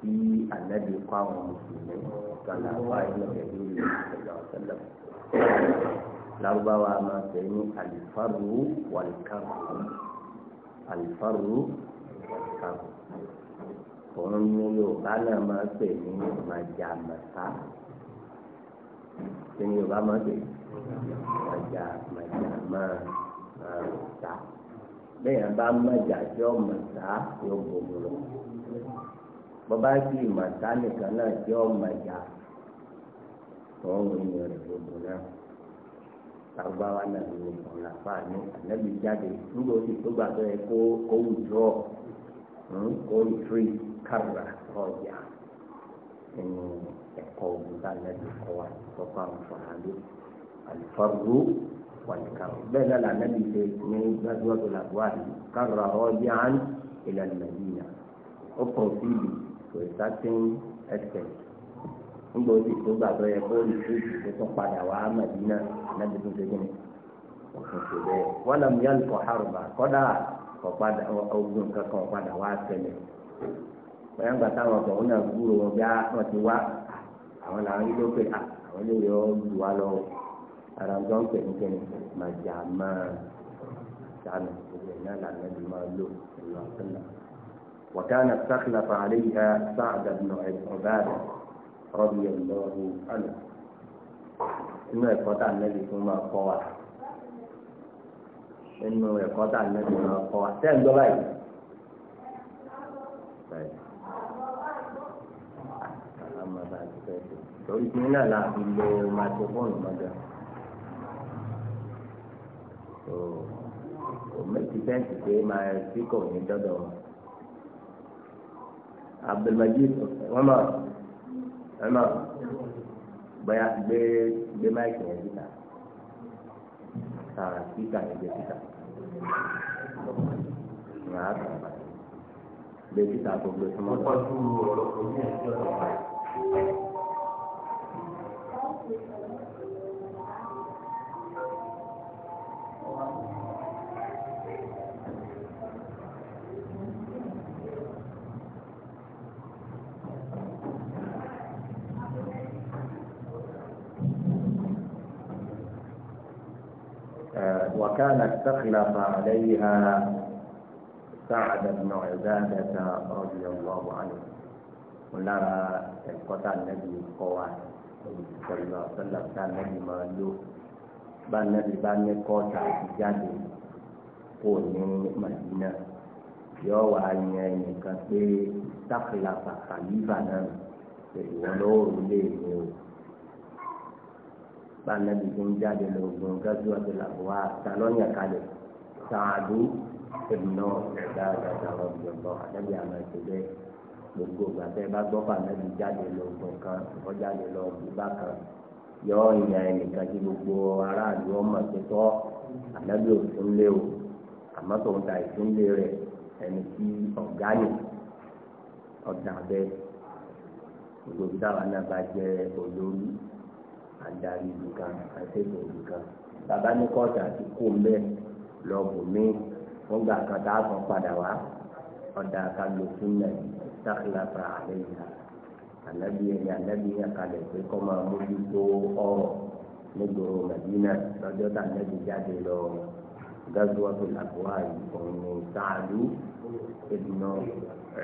tí ànábì kọ́ àwọn mùsùlùmí tọ́lá wá ilé ẹ̀dí rẹ̀ ṣẹlẹ̀ ọ̀sẹ̀lẹ̀. lárúbáwá máa tẹ̀ ní àlìfáàrú wàlìkàrú àlìfáàrú wàlìkàrú. òun ní yorùbá náà máa tẹ̀ ní màjà màtá. kí ni yorùbá máa tẹ̀? màjà màjà máa máa ta. bẹ́ẹ̀ bá màjà jọ́ màtá yóò gbogbo lọ bàbá bí ìmàta nìkan náà jẹ́ ọmọ ìyá ọ̀hún ènìyàn rẹ̀ gbogbo náà lágbára náà ní ọ̀hún làpá ní ànábì jáde nígbà tí tó gbàgbọ́ ẹ kó kó wùdúrọ̀ hmm, kó rìtírì kàrà ọ̀yà nínú ẹ̀kọ́ ogun bá ànábì kọ́ wa tọ́kọ́ àwọn fàálù àlùfáàrú wàlùkàrọ̀ bẹ́ẹ̀ náà làǹábì ṣe ní gbàgbọ́ tó làbúwà yìí kàrà ọ̀yà ìlànà ìlànà ó pọ̀ sí ibi to a certain extent nígbà ó sì tó gbàgbọ́ yẹ kó lè tó ìdìbò tó padà wá màdínà nábì tó ṣe gbìn òfin ṣe bẹ́ẹ̀ wọ́n lọ mìíràn kọ́ àrùbá kọ́dà ogun kankan padà wá ṣẹlẹ̀ wọ́n yàn gbà táwọn ọ̀tọ̀ wọn náà gbúrò wọn bí wọ́n ti wá àwọn làwọn yìí ló pè à àwọn ilé yọ lù wá lọ ara ń dán kẹ̀kẹ́ni màjà máa sànù ìgbẹ́ náà làwọn ẹbí máa lò ìlú àtúnlá. وكان استخلف عليها سعد بن عبادة رضي الله عنه إنه يقاطع النبي ثم قوى إنه يقاطع النبي ثم قوى تهم دبي طيب أما بعد torí ما náà ما fi lo microphone ما kò mẹ́tí fẹ́ǹsì pé máa ṣíkọ̀ Abdulmajid ọmọ ọmọ bẹ́ẹ̀ gbé gbé máìkì yẹn síta sàrà síta yẹn gbé síta ràá kàn bá gbé síta gbogbo sọmọ. كان تخلف عليها سعد بن عبادة رضي الله عنه ونرى القطع النبي قوى صلى الله عليه وسلم كان النبي مولود bá nàbí bá ní kọ́ọ̀tà àti من kò ní màdínà yọ wà yẹn nìkan pé sáfìlà bá nàbì tó ń jáde lọ ògùn gájú àti làbúwà tàlọ́yìn àkàlẹ̀ sàádù ìbùnà dáadáa táwọn ìjọba àdàbí àmọ́ ìṣẹ̀lẹ̀ gbogbo gbàtẹ́ bá gbọ́ bá nàbì jáde lọ ògùn kan ọ jáde lọ bíbá kan yọ ìyàn ẹnìkan tí gbogbo aráàlú ọmọ ti tọ́ àdàbí òfin lé o àmọ́ tó ń ta ìfín lé rẹ̀ ẹni tí ọ̀gá ọ̀dà bẹ́ẹ̀ gbogbo táwa náà bá jẹ́ olórí adarí ibìkan àtẹ̀sọ̀ ibìkan bàbá ní kọ́ọ̀tù àti kó mbẹ́ lọ́ọ̀bù mi wọ́n gbà kan tá a kàn padà wá ọ̀dà kan ló fún náà sáfìlàfà àlẹ́ yìí ànábì ẹni ànábì yẹn kalẹ̀ pé kọ́ máa mójútó ọ̀rọ̀ nígboro Madina lọ́jọ́ tá ànábì jáde lọ gazuwatu lakuwa yìí òun ní sáàlú ibùnà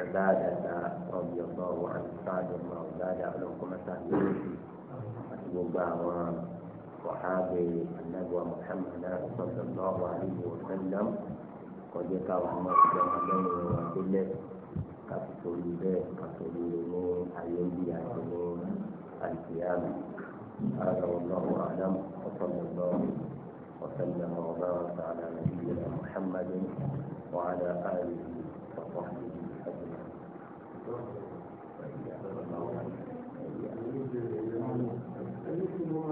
ẹ̀dá àdàtà ọ̀bì wà sáàlú ọ̀bà ọ̀dà àlọ́kọ́mọ́sá lórí gbogbo àwọn wàhábẹ anábọ Muhammad sallallahu alaihi wa sallam kọjá káwọn náà ti dá wọn lẹ́yìn wọn délẹ̀ káfí bẹ́ẹ̀ kàtòrí ní ayé bí àti ní àìsíyàmù هذا والله أعلم وصلى الله وسلم وبارك على نبينا محمد وعلى آله وصحبه أجمعين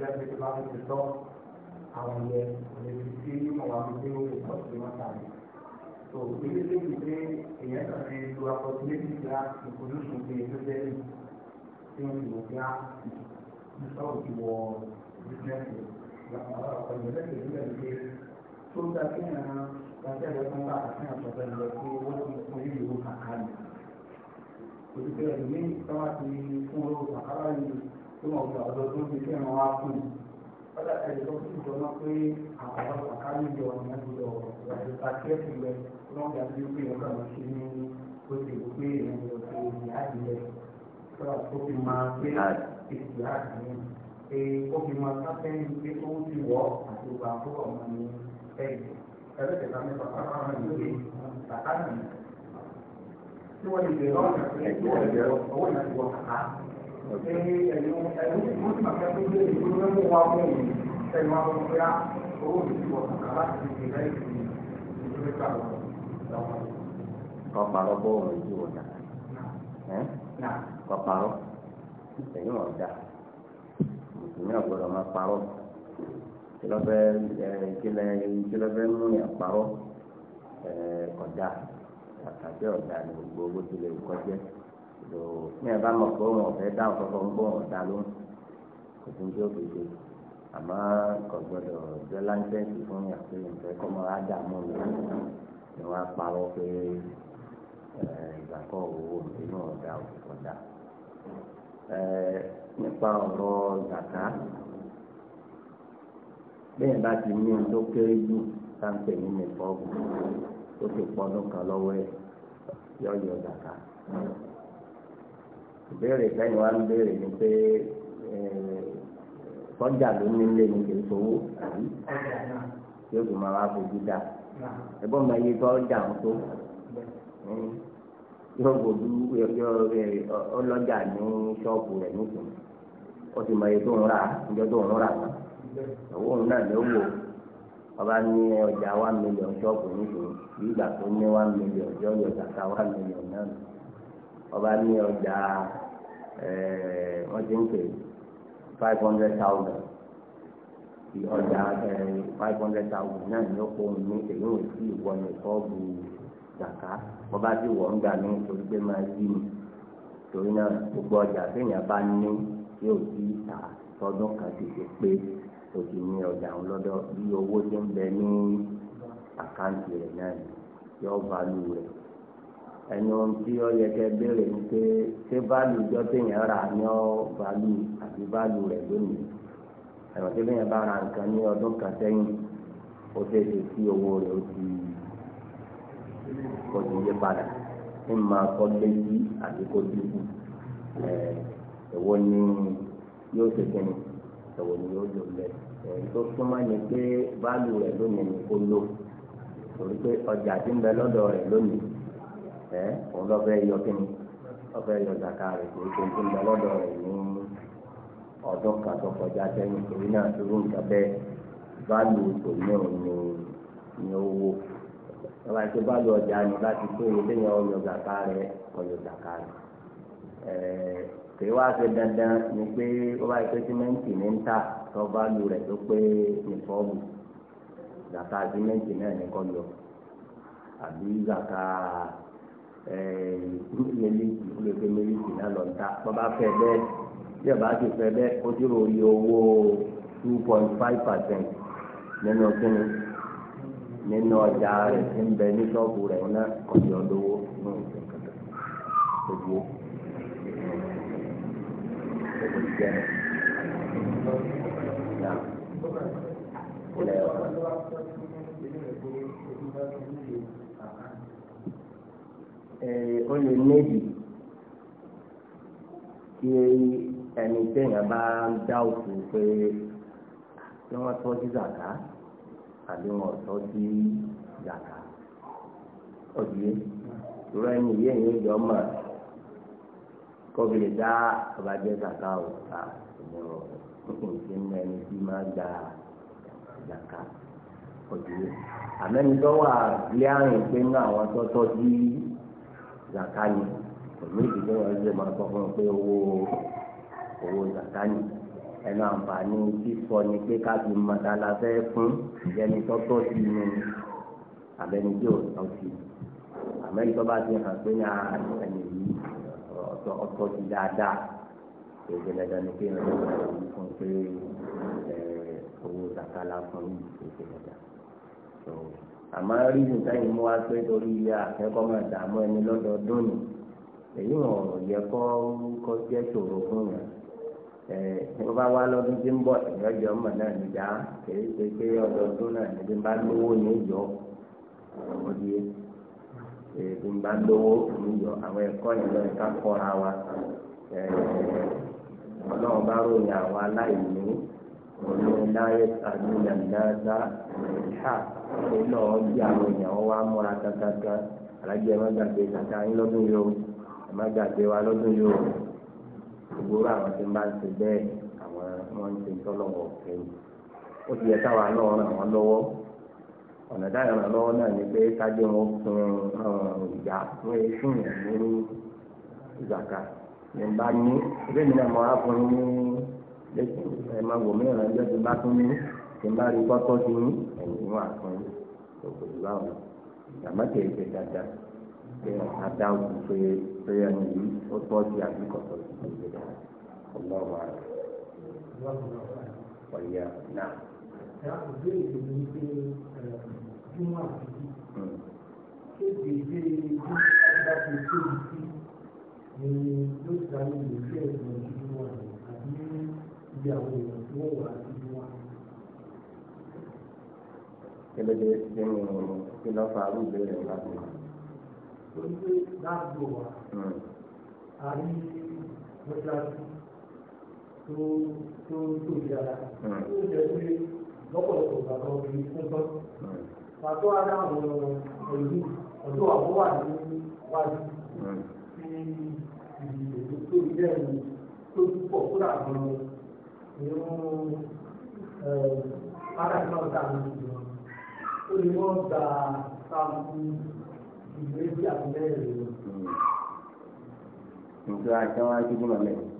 lẹ́sẹ̀ tó bá fi tọ́ àwọn yẹ lèmi tí ọ̀wà mi dé òye pọ̀ sí wọn tàbí. tó ilé lèmi pé èèyàn kan fi lu akọ̀tí méjì gba ìfojúsùn pé tó jẹ́ lè tí wọ́n ti wò gba ìsọ̀rọ̀ ti wọ bísíǹsì ọ̀yọ́ lẹ́sẹ̀ nílẹ̀ ni pé tó ń ta kí ni ọjọ́ ìwé fún bàtà sí àtọ̀tọ̀ ìlọ pé ó ti fún yìí ìwò kàkà ni. òṣìṣẹ́ ìlú mi tọ́wọ́ ti fún owó kàkà báyìí tó mọ̀ gbà ọ̀dọ́ tó ń fi kẹ́rin wá fún mi kọ́dà ẹ̀rí tó fi jọmọ́ pé àwọn ọ̀rọ̀ àkáyé jọ ọ̀nà ti lọ ìwàjú pàṣẹ́kù lẹ wọ́n gbà bí ó pé ọ̀gá mi ṣe ní ó ti rò pé èèyàn lọ sí ìyáàdì lẹ kọ́dà tó fi máa pé èsì àdì ní pé ó fi máa sáfẹ́yìn pé ó ti wọ̀ àti ìgbà tó wọ̀ mọ́ ní ẹ̀yìn ẹlẹ́kẹ̀ta ní kọparọ bọọlù ìdí ọjà kọparọ ẹyìn ọjà mùsùlùmí ọgbọ́dọ̀ máa parọ́ kílọfẹ ẹ kílẹ kílọfẹ múyàn parọ́ ẹ ọjà àtàkì ọjà ní gbogbo tó lè kọjá tó ní ẹ bá mọ̀ pé òun ọ̀fẹ́ dáhùn fọ́fọ́ ń gbóhùn ọ̀dà ló ń kò tún tí ó fi ṣe àmọ́ kò gbọdọ̀ jẹ́ láńtẹ́ǹsì fún yàn pé nǹkan kọ́ mọ́ ádà mú mi ni wọ́n á parọ́ pé ìgbà kọ́ owó mi inú ọ̀dà ọ̀dà nípa ọ̀rọ̀ zàká bẹ́ẹ̀ bá ti ní ohun tó kéré jù sáńpẹ̀ nínú ìfọ́gùn tó ti pọ́dún kan lọ́wọ́ ẹ̀ yọ̀ọ̀yọ̀ zàká ìbéèrè sẹ́yìn wa ń béèrè ni pé sọ́jà ló nílé ní kì í sowó àbí yóò tún máa wá fojú dà ẹgbọ́n mi ayé sọ́jà ń tó yóò fojú ọlọ́jà ní ṣọ́ọ̀bù rẹ̀ nísìnyí ó sì mọ iye tó ń rà níjọ́ tó ń rà náà owó òun náà ló wò ọba ní ọjà one million ṣọ́ọ̀bù nísìnyí bí ìgbà tó ní one million yọ̀ọ̀yọ̀ kàkà one million náà ọba ní ọjà wọ́n ti ń pè five hundred thousand ti ọjà five hundred thousand náà ní ó kóhun ní èyí ò sí ìwọ ní kọ́ọ̀bù gbàká ọba tí wọ́n ń gbà ní torí pé máa yí ni torí náà gbogbo ọjà téèyàn bá ní yóò sí ìta tọdún kan ti ṣe pé òsì ní ọjà ń lọ́dọ̀ bí owó ti ń bẹ ní àkáǹtì rẹ̀ náà yóò bá lù rẹ̀ ẹni ohun tí ó yẹ kẹ́ béèrè ni pé ṣé báàlù ìjọ téèyàn rà ní ọ báàlù àti báàlù rẹ̀ lónìí ẹ̀rọ tí bẹ́ẹ̀ bá ra nǹkan ní ọdún kan sẹ́yìn ó ṣe é ṣe kí owó rẹ̀ ó ti kò ní yé padà ní máa kọ́ léyìí àti kó dínkù ẹ̀wọ́ ni yóò ṣe kẹ́ni ẹ̀wọ́ ni yóò lò lẹ̀ èyí tó súnmọ́ ni pé báàlù rẹ̀ lónìí ni kó lò torí pé ọjà tí ń bẹ lọ́dọ̀ rẹ̀ lónìí ẹ òun lọ́fẹ́ yọ kí ni lọ́fẹ́ yọ zaka rẹ̀ kò tó ń lọ lọ́dọ̀ rẹ̀ ní ọdún kan tó kọjá sẹ́yìn torí náà irú nǹkan bẹ́ẹ̀ báàlù tòun náà ni owó lọ́wọ́ àti báàlù ọjà ni láti tó ilé yẹn ọyọ zaka rẹ̀ ọyọ zaka rẹ̀ ẹ̀ẹ́ kì í ṣe dandan ni pé ó bá ṣe ní ń tà tó báàlù rẹ̀ tó pé nìfọ́ọ̀bù zaka símẹ́ǹtì náà ní kọ́ àbí zaka gúúsù méjèèjì olóògbé méjèèjì náà lọ ta bàbá fẹ́ bẹ́ẹ̀ bí ọba ti fẹ́ bẹ́ẹ̀ ó dúró iye owó two point five percent nínú kíni nínú ọjà rẹ̀ tí ń bẹ ní ṣọ́ọ̀bù rẹ̀ náà ọ̀dọ̀ lówó ní ìṣẹ̀ kankan gbogbo gbogbo jẹ́ náà. ó méjì kí ẹni téèyàn bá ń dá òkú pé kí wọ́n tọ́ sí zàká àbí wọn tọ́ sí zàká ọ̀dìyẹ ìrọ̀ ẹni yìí ẹ̀yìn ìjọ mọ̀ kọ́bi lè dá ọbàjẹ́ zàká ò ìmọ̀ràn nǹkan tí ń lẹ ẹni tí máa gba zàká ọ̀dìyẹ àmẹ́ni tó wà àrùn pé ń ná àwọn tọ́tọ́ sí zaka ni òmí ìdílé wọn lè máa sọ fún un pé owó owó zaka ni ẹnu àǹfààní sísọ ni pé káàbí mọ̀tàlá fẹ́ fún ìyẹnì tọ́tọ́ sí ni abẹni tí ò tọ́ sí àmẹ́yìn tó bá ti hàn pé ní ẹni yìí ọtọ́ sí dáadáa èdè lẹ́dọ̀ ni pé ẹni yóò fún pé owó zaka fún yìí èdè àmọ́ rí nǹkan yìí mú wa pé torí akẹ́kọ̀ọ́ máa dààmú ẹni lọ́dọọdún ni èyí wọn ò yẹ kọ́ kọ́ jẹ́ ṣòro fún yàn ẹ tó bá wá lọ́dún tí ń bọ̀ ìrọ́jọ́ mọ̀ náà nìjà kìí ṣe pé ọdọọdún náà níbi bá lówó ní ìjọ òdi èdè ń bá lówó ní ìjọ àwọn ẹ̀kọ́ yẹn lọ́ọ́ ká kọ́ra wa ọlọ́run bá ròyìn àwọn aláìní òun náà yẹ sàánú nàìjíríà ṣá òun náà bí àwọn èèyàn wa múra kankan alájẹ má gbàgbé kàkà yín lọ́dún yìí o má gbàgbé wa lọ́dún yìí o ìgboro àwọn tí ń bá ń ṣe bẹ́ẹ̀ àwọn wọn ń ṣe tọ́lọ́wọ́ ọ̀fẹ́ yìí ó ti yẹ káwa náà ràn wọ́n lọ́wọ́ ọ̀nà dáhùn ràn lọ́wọ́ náà ni pé kájé wọn fún ìyá fún ìyá ní ìgbàkà ní ní ebí mi náà mọ̀ á fún ní ẹ máa wò mí ìrànlọ́jọ́ tó bá tún ní tí má rí kọ́tọ́ sí ní ẹ̀yìn wọn àtún òkòtò báwọn àmọ́ kìí ṣe dáadáa pé ada òkú pé pé ẹni yìí ó tọ́ sí àbíkọ̀tọ̀ sí ìgbé dáa ọlọ́wọ́ rẹ̀ ọ̀yà náà. Kéde ilé ìlú bá ti tóbi sí ni ló sáré ìlú bẹ́ẹ̀ lọ sí wọn bí àwọn èèyàn tí wọ́n wà nínú wa. kílódé tí mo kí lọ́ fa arú ìbéèrè ńlá tó wà. torí pé láàbò wa hmm. a rí mọ́ṣáláṣí tó tó tó yára tó hmm. jẹ́ pé lọ́pọ̀lọpọ̀ bàbá obìnrin fún tán. Hmm. pàtó ara àwọn ọ̀dọ́ àwọn wà ní wájú tí ìdìbò tó yẹ tó púpọ̀ kúrò àwọn ọmọ. irú aláìmọ̀ta mi ó lè wọ́n gba sáàmù ìgbésí àtúnbẹ̀rẹ̀ rẹ̀. nǹkan hmm. àtẹwájú gbọ́dọ̀ lẹ́yìn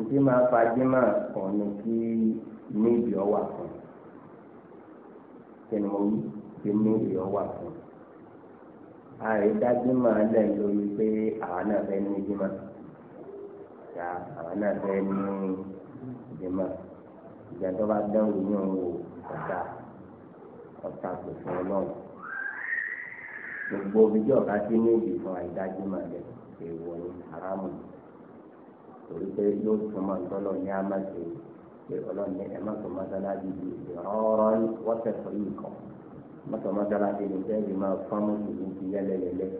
nti máa fa jimá kan ní kí níbi ọwà fún kí ni mo wí kí níbi ọwà fún àìdájú ya jẹ̀mọ́ ìjà tó bá dẹ́wò ní òun ọ̀tá ọ̀tá kò fún ọlọ́run gbogbo omi tí ọ̀tá sí méjì fún àìdájú máa lẹ̀ èèwọ̀ ní haramu torí pé yóò túmọ̀ ntọ́lọ̀ ní amáṣe pé ọlọ́run ní ẹ má tó mọ́sálásí di ìrọ̀rọ́ wọ́tẹ̀ fún ìkọ̀ mọ́tò mọ́sálásí ní sẹ́ẹ̀lì máa fọ́nmù ìlú ti yẹ́lẹ́lẹ́lẹ́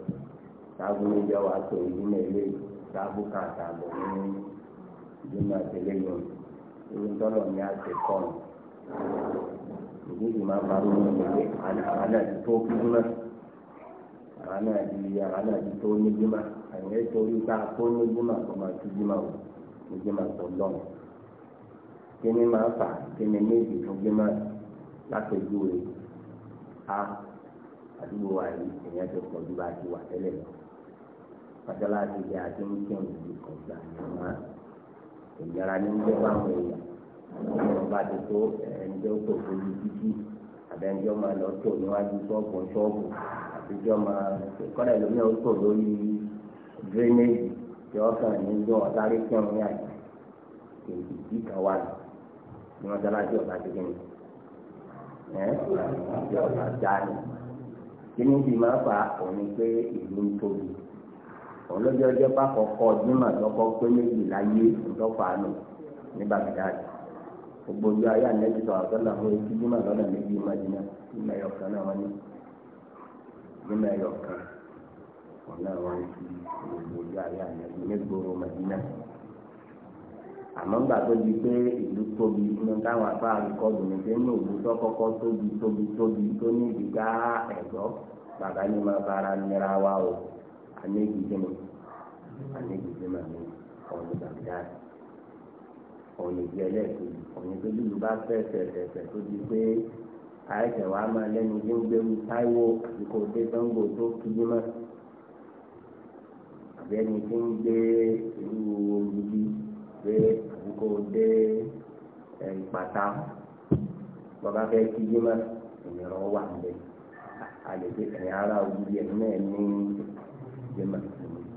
sáàbù ní ìjọba àtò ìdílé ilé sáàbù kan àtààbọ̀ ní ìdílé àtẹlẹ́yìn irú tọ́lọ̀ ní àti kọ́ọ̀nù ìdíje máa parí ní ìgbẹ́ àwọn náà ti tó kíkú náà àwọn náà di àwọn náà ti tó nígbìmá àwọn yẹn torí ká tó nígbìmá kó máa tú gbìmá o nígbìmá tó lọ́nù kíni máa fà kíni méjì tó gbìmá lápẹjú rẹ a àdúgbò wa yìí èèyàn ti pọ̀ ju bá a ti wà tẹ́lẹ̀ lọ pàtàkì àti ìyá àti ń kí òun ìdí kan gbà yẹn ìyára ní jẹ́ báwọn èèyàn àwọn bá ti tó ẹnjẹ́ ó tòkó ní títí àbẹ ẹnjẹ́ ó máa lọ tó níwájú ṣọ́ọ̀bù ṣọ́ọ̀bù àtijọ́ máa kọ́dà lómi ó tò lórí drénéjì tí wọ́n kàn ní gbọ́n ọ̀sáré kírun ní àjà èyí tí kan wà lọ ní wọ́n dáná sí ọ̀sá kékeré ẹ̀ ọ̀sá dáná kí ni bí máa fa òun pé ìlú ń tóbi ọlọ́jọ́ ọjọ́ bá kọ́kọ́ dímọ̀ lọ́kọ́ pé méjì láyé ńlọ́fà nù ní baghdad gbogbo ojú ayé ànẹ́bí sọ̀rọ̀ àtọ́lá fún etí dímọ̀ lọ́nà méjì madina dímọ̀ ẹ̀yọ̀ kan náà wọ́n ní dímọ̀ ẹ̀yọ̀ kan wọn náà wọ́n ti gbogbo ojú ayé ànẹ́bí nígboro madina àmọ́ gbà tó di pé ìlú tóbi inú táwọn afá àríkọ́dù ní pé ní òwú tó kọ́kọ́ tóbi tóbi tóbi tó ní ìdígá ẹ̀gbọ́ bàbá ní ma bára nira wa o annabi jama annabi jama ni ọ̀nà baghdad ọ̀nà ìjẹ́lẹ̀ kejì ọ̀nà tó lùlù bá fẹ́ fẹ̀fẹ̀fẹ̀ tó di pé àìsàn wa máa lẹ́nu yóò gbẹ́rù táíwò àbíkó dé sango tó kíjú mọ́ àbí ẹni tí ń gbé irú olùdí gbé àbíkó dé ìpàtà bàbá fẹ́ kíjú mọ́ ìnira wà ń bẹ àlejò ẹ̀yà ara olùdí ẹ̀ náà ní jẹ́mà lùsùlùmí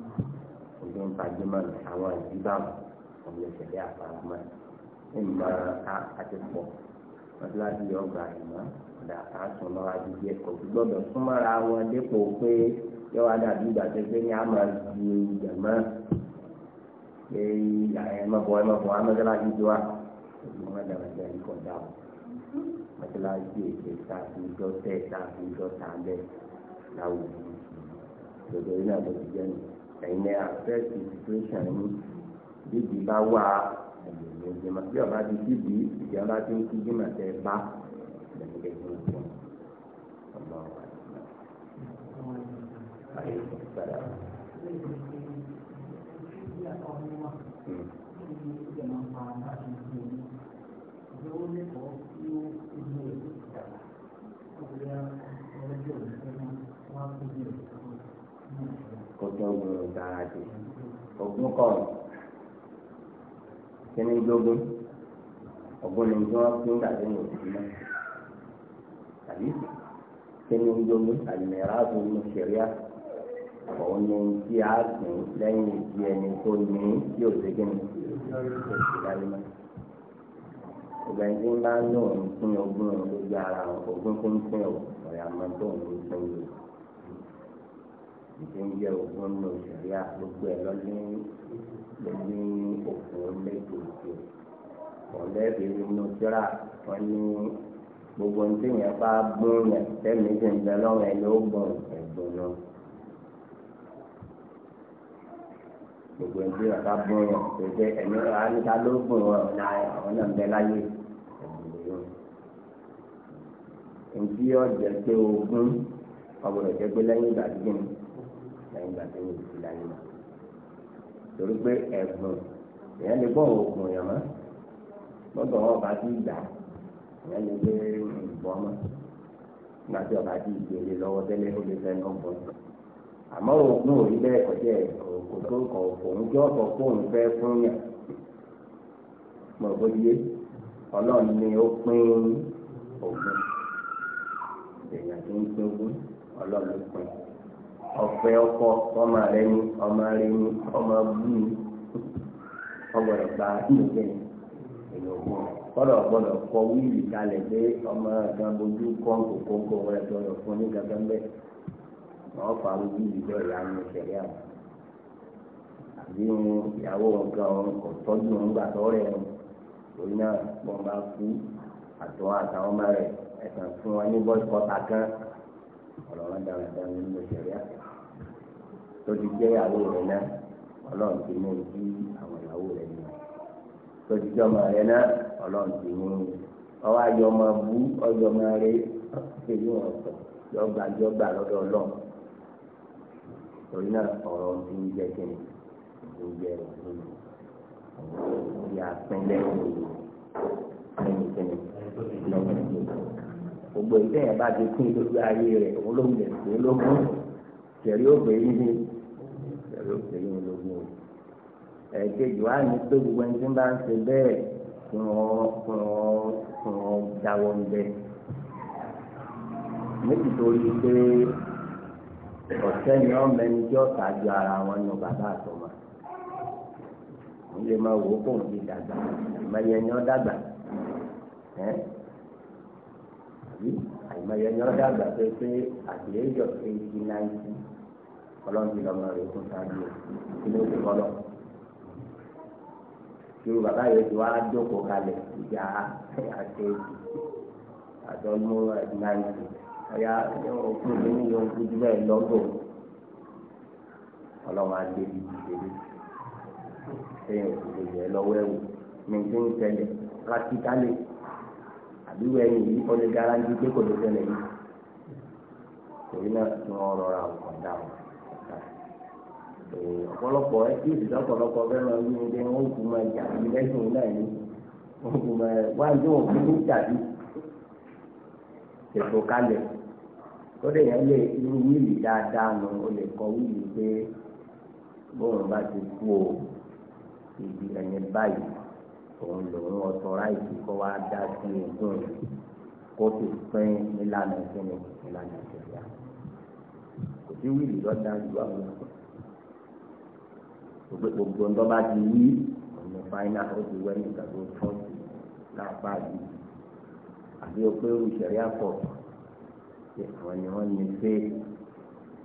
òye ń pa jẹ́mà lù àwọn ìdíbàbò òye ìṣẹ̀lẹ̀ àfaramọ́ ìmọ̀ àtẹ̀pọ̀ mọ́tíláṣí ọgbà ìmọ̀ ọ̀dà àtàkùn náà àdìdí ẹ̀kọ́ gbọ́dọ̀ súnmọ́ra wọn dépò pé yọ̀wá dàbí ìgbà tẹ́tẹ́ ní àmà ju ìjàmọ́ pé ẹ̀mọ̀bọ̀ ẹ̀mọ̀bọ̀ amọ́tíláṣí ti wá ìgbìmọ̀ dàgbàjà ikọ̀ dáhùn mọ́tíláṣí èké tàbí ìjọ tẹ́ tàbí ìjọ tàbẹ́ láwùjọ gbogbo ilé àbẹ̀tìjẹ́ ni ẹ̀yin ní àfẹ́ẹ̀tì situation ní bíbí bá wà ẹ̀yìn ìgbìmọ̀ bí ọba ti bíbí ìjọba ti ń kí gbìmọ̀ tẹ bá ẹ̀yìn ìgbìmọ̀ tẹ ọmọ wa. Thank hmm. you. kótó gbòòrò gbàràdì ogún kọ kíní gbógun ogún ni tí wọn fi ní òsì náà tàbí kíní gbógun àlùmẹ̀rà ní sẹ̀ríà òun ni tí a gbìn lẹ́yìn ìdí ẹni tó ní tí ò sí kíní ìdálẹ́mọ́ ìgbà tí bá ń lò ń pín ogún lójú ara ogún tó ń pín ọ̀rẹ́ àmọ́ tó ń pín yìí ìdí ń jẹ́ ogún nù ìṣẹ̀yà gbogbo ẹ̀ lọ́ní lóní òfin méjèèjì ọ̀lẹ́bí nínú jọ́ra wọn ní gbogbo ní tí yẹn bá gbọ́n yẹn tẹ́mi sì ń bẹ lọ́wọ́ ẹ ló gbọ́n ẹ̀gbọ́n náà. gbogbo ẹbí rẹ ká bọ ọ pèsè ẹni àníta ló gbọn ọ náà àwọn náà ń bẹ láyé ẹgbẹ́ yìí ntí ọjà pé ogún ọgbọdọ jẹ pé lẹ́yìn ìgbà dídín nígbà tó wò sí láyé náà torí pé ẹ̀gbọ́n èèyàn lè gbọ́ òògùn èèyàn mọ́ lọ́dọ̀ wọn bá ti gbà èèyàn lè gbé ìbọn mọ́ nígbà tí ọba ti gbélé lọ́wọ́ tẹ́lẹ̀ ó lè fẹ́ náà bọ́ àmọ́ òògùn òrí bẹ́ẹ̀ kọjá òkò tó kọ̀ òun jọ́ ọ̀tọ̀ fóun fẹ́ fún yàn mọ̀ bóyá ọlọ́run ni ó pín òògùn èèyàn tó ń pín ogún ọlọ́run ló pín ọ̀fẹ́ ọkọ ọmọ rẹ ni ọmọ rẹ ni ọmọ bú ni ọgbọ̀dọ̀ gba ìgbẹ́ ìlọ́gbọ̀n kọ́dọ̀ gbọ́dọ̀ kọ wíìlì kalẹ̀ pé ọmọ ẹ̀gbọ́n bojú kọ́ńkò kókó rẹ̀ gbọ́dọ̀ fún ní gàgán bẹ́ẹ̀ wọ́n fa wíìlì bẹ́ẹ̀ yá ní ìṣẹ̀lẹ̀ àwọn àbí ìyàwó nǹkan kò tọ́jú nígbà tó rẹ̀ ń torí náà wọ́n bá kú àtọ́ àtàwọn ọmọ rẹ̀ ẹ̀sán fún wọn ní bọ́ọ̀lù kọ́ta kan. ọlọ́run dáadáa nínú ìṣẹ̀lẹ̀ tó ti jẹ́ ìyàwó rẹ̀ náà ọlọ́run ti mú bí àwọn ìyàwó rẹ̀ nù tó ti jẹ́ ọmọ rẹ̀ náà ọlọ́run ti mú ọwọ́ ọmọ bú ọjọ́ ọmọ rẹ̀ ṣe ní ọ̀sán yọgbà yọgbà lọ́dọ̀ ọlọ́run torí náà ọ̀rọ̀ ti ń jẹ́ kí ni ti ń jẹ́ gbogbo ìtẹ́ yẹn bá ti kún lórí ayé rẹ̀ òun ló ń lè pé lógún tẹ̀rí ògbé yín ni tẹ̀rí ògbé yín lógún o. ẹ̀ẹ́dẹ́jì wá ní pé gbogbo ẹni tí ń bá ń ṣe bẹ́ẹ̀ fún ọ fún ọ fún ọ dáwọ́ ń bẹ́ẹ̀. méjì tó rí i pé ọ̀sẹ̀ ni wọ́n mẹni tí ọ̀sà ju ara wọn nù bàbá àtọ̀mọ́. òun lè máa wò ó kóun ti dàgbà ìmọ̀yẹ ni ó dàgbà àbí àìmọye ni ọjà àgbà pé pé àtìlẹyìn ọ̀sẹ̀ ti náìtì ọlọ́ọ̀dì lọ́mọ rẹ̀ kún sáájú kí ló ti kọ́lọ̀. irú bàbá yẹn ti wá jókòó kalẹ̀ ìjà àti àtọ́jú náìtì ọ̀yà òkú mi ní yóò kú jùlọ ẹ̀ lọ́gọ̀ ọlọ́run á dé ibi ìṣèlú ṣé òkú lè yẹ lọ́wọ́ ẹ̀wò ní ti ń tẹ̀lé rákítálẹ̀ àbí wọ ẹni yìí ó lè garanti pé kò lè ṣẹlẹ̀ yìí torí náà tí wọ́n rọra ọkàn dá o ọ̀pọ̀lọpọ̀ ẹ kí ìdílé ọ̀pọ̀lọpọ̀ fẹ́ máa wí ní pé wọ́n kú máa jà ní lẹ́sìn náà ni wọ́n kú máa wá ní wọn kú ní tàbí ètò kalẹ̀ kódé yẹn lè irú wíìlì dáadáa nù o lè kọ wíìlì pé bóun bá ti kú o ìdí ẹ̀yìn báyìí òun lòun ọtọ ráìsì kó wá dá sí ẹjọ́ rẹ̀ kó sì pín nílànà ìsinmi nílànà ìṣẹ̀lẹ̀ kò sí wíìlì lọ́dà ju àwọn ọ̀gbẹ́ gbogbo ń dọ́ba ti yí ọ̀nà fáínà ó ti wẹ́ nígbà tó tọ́ sí lápá yìí àbí o pé olùsẹ̀rí àpọ̀ ṣe àwọn ni wọ́n ní pé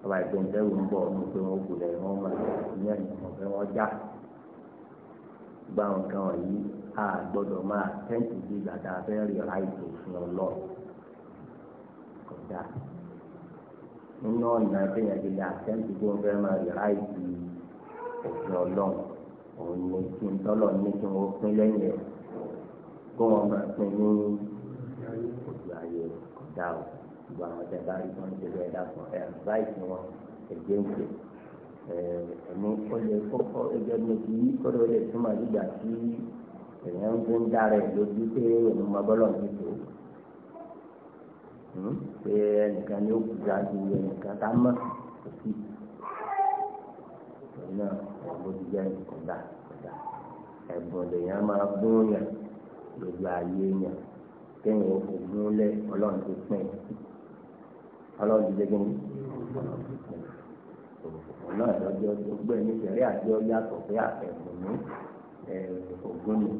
ọba ìgbẹ́ntẹ́rù ń bọ̀ ní pé wọ́n gbọ́dọ̀ ẹ̀ wọ́n máa ní ẹ̀yìn ọ̀fẹ́ wọn já gbá nǹkan wọ̀nyí a gbọ́dọ̀ máa tẹ́ǹtì bí gbàdá abẹ́rẹ́ ráìtì fún ọlọ́ kọjá nínú ọ̀nà abẹ́yẹn ti lè àtẹ́ǹtì bí wọ́n fẹ́ máa ráìtì òfin ọlọ́run òun ni kí n tọ́lọ̀ ní kí wọ́n pín lẹ́yìn ẹ̀ kó wọ́n máa pín ní ojú ayé kọjá o gbogbo àwọn tẹ bá rí wọn ṣe bẹ́ẹ̀ dàpọ̀ ẹ̀ ráìtì wọn ẹ̀jẹ̀ ń pè é ẹ̀mí ọlẹ́ kọ́kọ́ ẹgbẹ́ mi kì í kọ́dọ̀ lè túmọ̀ nígbà tí èèyàn ń gún dára ẹ̀ lójú pé òun máa bọ́lọ̀ ní tó pé ẹnìkan ní òkú ga ju ẹnìkan tá mọ̀ òsì òun náà ọ̀gbọ́n ti jẹ́ kọ̀dà kọ̀dà ẹ̀bùn lèèyàn máa gún yàn lójú ayé yàn kéèyàn ó fò gún lẹ̀ ọlọ́run ti pín ọlọ́run ti dégé ní òun náà lọ́jọ́ gbẹ́ ní sẹ́rí àjọ yàtọ̀ pé àfẹ̀mù ní ògùn ni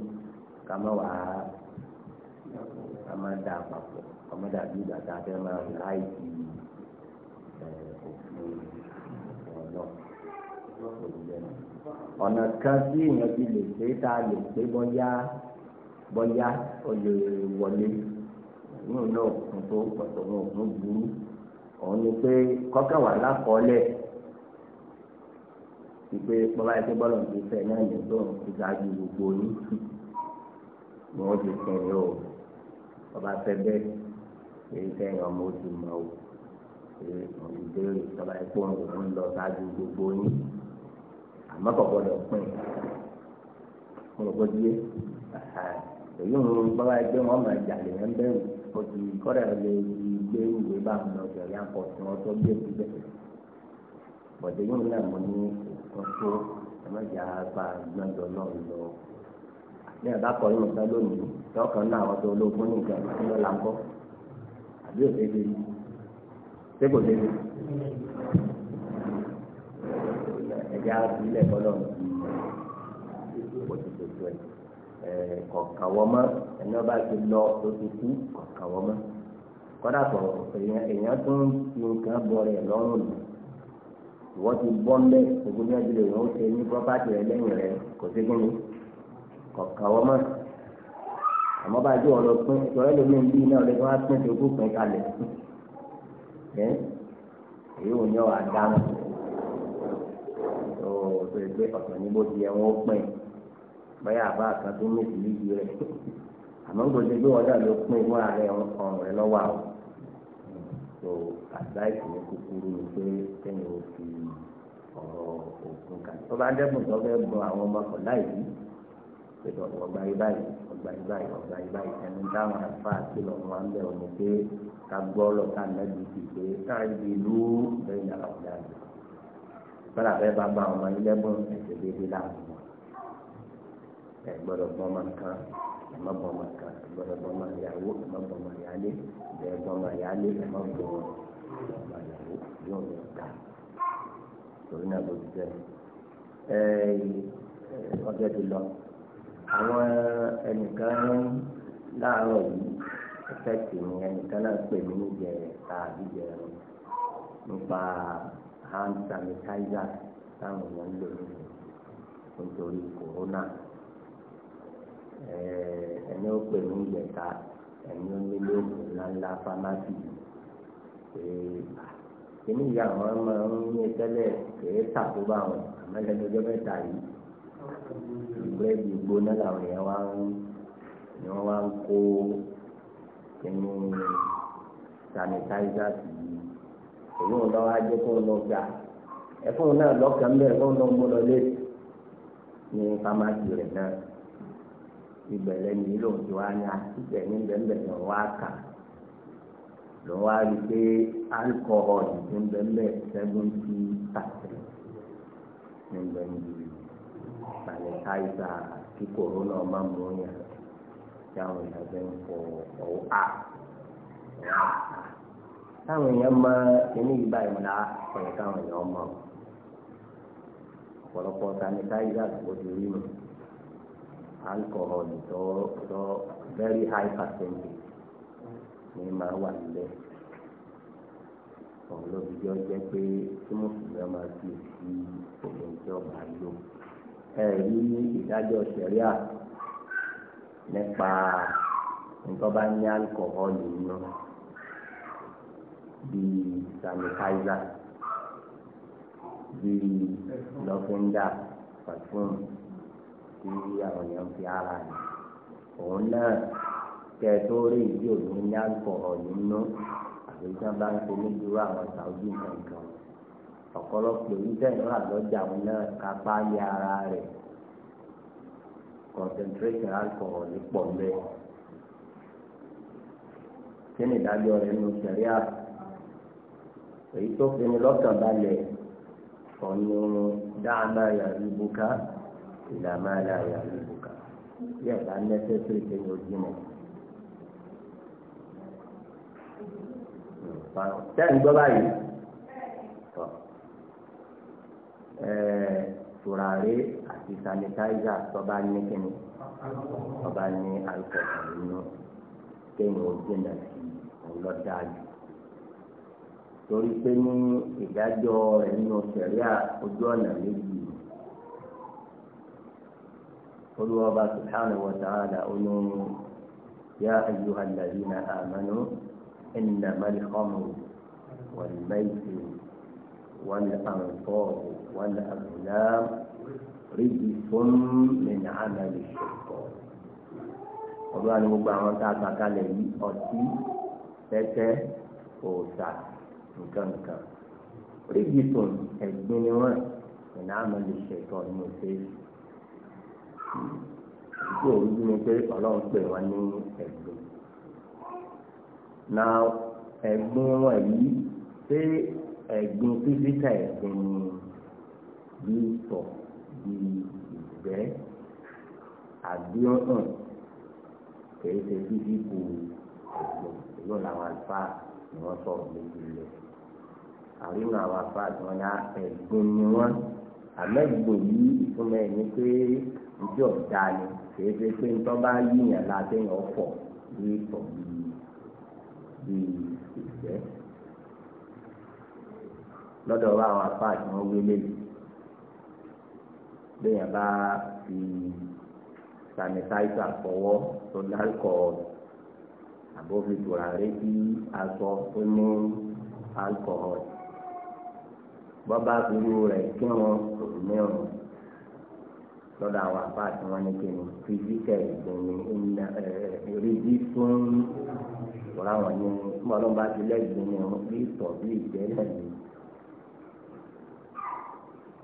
ká má wà á ká má dà papọ̀ ká má dàbí ìgbà tá a fẹ́ máa rí láìsí òfin ọ̀nà ọ̀nà kan tí èèyàn ti lè pé tá a lè pé bọ́yá bọ́yá ó lè wọlé inú náà kún tó pọ̀tọ́ wọn ò tún burú òun ni pé kọ́kẹ́ wà lákọọ́lẹ̀ ìpè bọ́lá ẹgbẹ́ bọ́lá ń gbé fẹ́ náà lè tó ń ṣáájú gbogbo yín ni wọ́n ti sìn ní o ọba fẹ́ bẹ́ẹ̀ èyí sẹ́yìn ọmọ oṣù mọ́ o èyí ìbéèrè ìjọba ẹ̀kọ́ òun lọ ṣáájú gbogbo yín àmọ́ kọ̀ọ̀kan lọ pín mo rò pé díẹ̀ èyí ń bọ́lá ẹgbẹ́ wọn máa jà lèyàn bẹ́ẹ̀ o ti kọ́dà lè gbé ìwé bá mi lọ sọ̀rọ̀ yàn tí wọ́n tó gbé síbẹ̀ bọ̀dé yìí náà mo ní òkú tó ẹ̀mẹ́jà bá gbọ́dọ̀ náà lọ ní ọ̀dà kọ́ ní ìtàn lónìí lọ́kàn náà àwọn tó ológun ní nǹkan ìlú lọ́la ń kọ́ àbí òṣèlú yìí ṣé kò lè lè ẹ̀já ilẹ̀ bọ́lọ̀ kò ti tètè ẹ̀ kọ̀ọ̀kan wọ́n mọ́ ẹni ọba ti lọ tó ti kú kọ̀ọ̀kan wọ́n mọ́ kọ́dà tó èèyàn tó ń fi nǹkan bọ̀ rẹ̀ lọ́rùn nù ìwọ́n ti bọ́ ń bẹ́ ògùn bí wọ́n ṣe ní pọ́pátì rẹ̀ lẹ́yìn rẹ̀ kò sí kí ni kọ̀ọ̀kan wọ́n mọ̀ àmọ́ bá a jẹ́ ọ̀rọ̀ pín ìtọ́rẹ́ lómi ń bí iná rẹ̀ wọ́n á pín tó kó pín kalẹ̀ ẹ́ èyí ò ní ọ̀ àdáhùn tó tó yẹ pé ọ̀sán ní bó ti yẹ wọ́n pín báyà bá a kan tó méjì méjì rẹ̀ àmọ́ gbọ́dọ̀ pé wọ́n dà ló pín fún ààrẹ ọ̀rùn rẹ̀ lọ́wọ́ àwọn tó àdáìsí ní kúkúrú ni pé kẹ́yìn ó fi ọ̀rọ̀ òkun kàlẹ̀ tó bá dẹ́kun tó fẹ́ bọ àwọn ọmọkọ̀ pẹ̀lú ọ̀gbà ibáyìí ọ̀gbà ibáyìí ọ̀gbà ibáyìí ẹni táwọn afa àti lọ́wọ́ wa ń bẹ̀ wọ́n pé ká gbọ́ lọ ká nẹ́bi ti pé káàdì ìlú lẹ́yìn àwọn ọ̀gá àgbẹ̀. bọ́lá bẹ́ẹ̀ bá bá ọmọ ilé bọ́ ẹ̀sẹ̀ déédéé láàbù wọn. ẹ gbọ́dọ̀ bọ́ ọmọ nǹkan ẹ má bọ́ ọmọ nǹkan ẹ gbọ́dọ̀ bọ́ ọmọ ìyàwó ẹ má bọ́ ọmọ ìyálé ẹ bọ́ ọmọ ọmọ ìyàwó yóò ní ọ̀tá àwọn ẹnìkan láàárọ̀ yìí ẹ̀fẹ́tì ni ẹnìkan náà pè mí níjẹ tàbí jẹrọ nípa hand sanitizer táwọn èèyàn ń lò nítorí kòrónà ẹni ó pè mí ìjẹta ẹni ó nílé òògùn ńláńlá fámásì pé ni ìyá àwọn máa ń ní tẹ́lẹ̀ kèé tà tó bá wọn àmọ́ ẹlẹ́dọ́jọ́ mẹ́ta yìí búrẹ́dì gbóná làwọn èèyàn wá ń ni wọ́n wá ń kó kíní sanitaiza sí i èyí wọn lọ́wọ́ ajé kó lọ gbà ẹ̀fọn náà lọ́kàn ń bẹ̀rẹ̀ fún ọmọ lọlé ní fámásì rẹ̀ náà ibẹ̀ lẹ́nu yìí lòun ti wá ní àtìgbẹ̀ ní bẹ́ẹ̀ ní wọ́n kà lọ́n wá rí pé alcohol ti ń bẹ́ẹ̀ seventy percent ní bẹ́ẹ̀ sanitizer kí corona má mú yàn táwọn èèyàn fẹ́ ń fọ ọwọ́ a táwọn èèyàn máa ẹni yìí báyìí ka ẹ̀yẹ èèyàn mọ̀ ọ̀pọ̀lọpọ̀ sanitizer tó ti rí mi alcohol tó tó very high percentage ní máa wà nílẹ̀ ọ̀hún ló jẹ́ pé tí mo sì ẹ̀rí ní ìdájọ́ sẹ̀ríà nípa nǹkan bá ní alukọ̀họ́ọ̀lù nínú bíi sanitaiza bíi lọ́fíńdà pàtún tí àwọn èèyàn fi ara rẹ̀ òun náà kẹ́ẹ̀tọ́ rí ìdí òní ní alukọ̀họ́ọ̀lù nínú àbí bá ń ṣe ní irú àwọn sàwùjì nǹkan kan ọ̀pọ̀lọpọ̀ ìtẹ̀yìn rà lọ́jà òun náà kápá yé ara rẹ̀ concentration alcohol ní pọ̀ mbẹ́. kí ni ìdájọ́ rẹ̀ nù sẹ̀ríà èyí tó fi ni lọ́kàn balẹ̀ ọ̀nù dáadáa yàrá ibùkà ìlànà àdáyà ibùkà yẹ bá nẹ́sẹ̀sì ìtẹ̀yìn ojúmọ̀. tẹ́lẹ̀ gbọ́ báyìí. tùràrí àti sanitaiza tọ́ba ní kíni tọ́ba ní alukọ̀ọ̀kan nínú kéèyàn ó jìnnà sí ọlọ́dáàjù torí pé ní ìdájọ́ ẹ̀yìn sẹ̀ríà ojú ọ̀nà méjì olùwọ́ba subhanahu wa ta'ala onú yá ayyuhal ladhina amanu innamal khamru wal maisiru wal ansabu. والأغلام رجس من عمل الشيطان ọdún àni gbogbo àwọn tá a kà kalẹ̀ yìí ọtí tẹ́tẹ́ òòṣà nǹkan nǹkan rígìtòn ẹ̀gbin ni wọ́n ìná àmọ́ lè ṣètò ní òṣèlú ìdí òwúrú ni pé ọlọ́run pè wọ́n ní ẹ̀gbin na ẹ̀gbin wọn yìí ṣé fífíkà ẹ̀gbin ni bí sọ bí ìgbẹ́ àbíọ́nà kìí ṣe bíbí bu ẹ̀gbọ́n ìlú làwọn àlùfáà ni wọ́n sọ̀rọ̀ méjì lẹ̀ àríwá àwọn àlùfáà tí wọ́n yá ah, ẹ̀gbọ́n ni wọ́n àmẹ́gbò yìí ìfúnmẹ́ ni pé ìjọ ọ̀dà ni kìí ṣe pé nítorí bá yíyàn látẹ̀yìn ọ̀fọ̀ bí sọ bí ìgbẹ́ lọ́dọ̀ wa àwọn àlùfáà tí wọ́n wí lélẹ̀ lèèyàn bá fi sanitizer fọwọ́ tó dárúkọ àbófi tùràrí sí aṣọ tó ní alcohol bọ́bá irú rẹ̀ kírun kò mírun lọ́dọ̀ àwọn àbá tí wọ́n ní kí ni fìdíkẹ̀ ìgbìmí rídí fún ìwọ́n àwọn ní mọ́lọ́mbà tilẹ̀ ìgbìmí bí ìtọ̀ bí ìgbẹ́ náà ní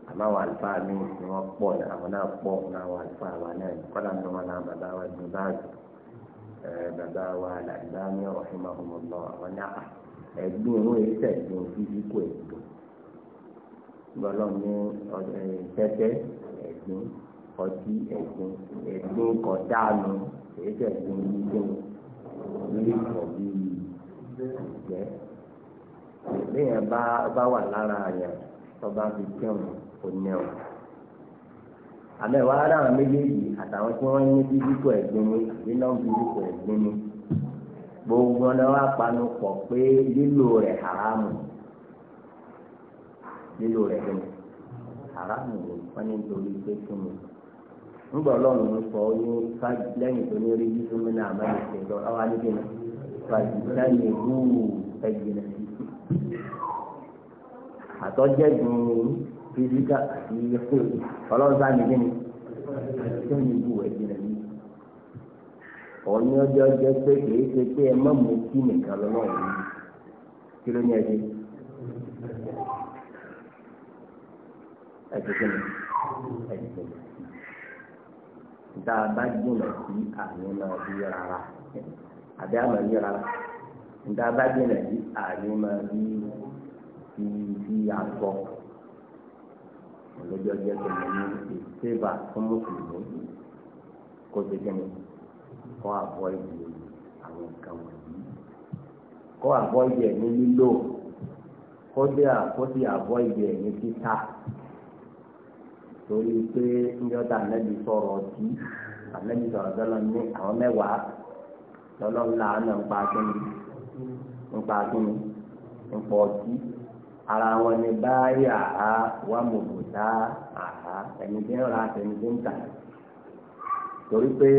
àmọ́ àwọn àlùfáà mi ni wọ́n pọ̀ àwọn náà pọ̀ náà àwọn àlùfáà wa náà ní kọ́dà ní wọn náà bàbá wa dùn báàgì bàbá wa làdá ní rahimahumullah àwọn náà ẹ̀gbìn òun èyí tẹ̀gbìn fífi kò ẹ̀gbìn gbọ́dọ̀ ní tẹ́tẹ́ ẹ̀gbìn ọtí ẹ̀gbìn ẹ̀gbìn kọ̀dáàlú èyí tẹ̀gbìn yíyó lórí ìkọ̀bí ìgbẹ́ lẹ́yìn bá wà lára àyà tó bá fi kírun. òní ọ̀ àbẹ̀wò ara àwọn méjèèjì àtàwọn tí wọ́n ní bíbíkọ gbogbo ọ̀nà wa panu pọ̀ pé lílo haramu lílo re gbin haramu ló wọ́n ní torí pé kí ni ńgbọ́ ọlọ́run ń sọ ní lẹ́yìn tó ní rí yíṣu mi náà má ṣe lọ fìdíkà ìyẹ̀kọ́ ọlọ́run sáà nìyẹn ni tó ní ibú ẹ̀ jìnnà ní. òun ní ọjọ́ jẹ́ pé kìí ṣe pé ẹ má mú kí nìkan lọ́wọ́ yìí kí ló ní ẹ dé. ẹ ti kí ni ẹ ti kí ni tá a bá jìnnà sí àárín náà bí rárá àbí àmọ́ bí rárá tá bá jìnnà sí àárín náà bí fi fi àtọ́ ọlọ́jọ́ jẹ́ tẹ̀lé ní ìsèbà fún mùsùlùmí kó ṣe kí ni kọ́ àbọ̀ ìdí àwọn nǹkan wọ̀nyí kọ́ àbọ̀ ìdí ẹ̀ ní lílò kó dé àkóso àbọ̀ ìdí ẹ̀ ní títà torí pé ńjọ́ta ànábi sọ̀rọ̀ ọtí ànábi sọ̀rọ̀ sọ́lọ́ ní àwọn mẹ́wàá lọ́lọ́run làánà ń pa akínni ń pa ọtí ara wọn ni báyìí àhá wà mọ̀bùtá àhá ẹni tí ń ra ẹni tí ń tà torí pé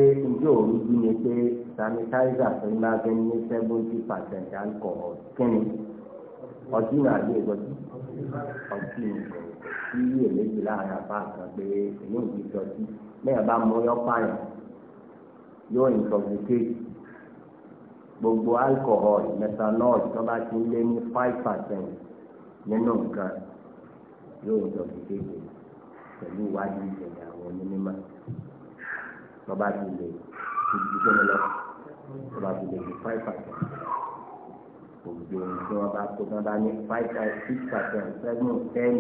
njẹ́ òru bí mi pé sanitaiza tó ń bá gẹ́ ní seventy percent alcohol kíni ọtí náà yé ìgbọ́jú ọtí tí yé méjì láàrin pé èmi ò fi sọtí lẹ́yìn bá mú yọ pààyàn yóò intoxicate gbogbo alcohol methanol tó bá ti lé ní five percent nínú nǹkan yóò sọ kékeré pẹ̀lú ìwádìí ìṣẹ̀lẹ̀ àwọn onímọ̀ tọ́ba ti lè ibi tó lọ tọ́ba ti lè di five percent gbogbo tí wọ́n bá tó bá ní five five six percent seven ten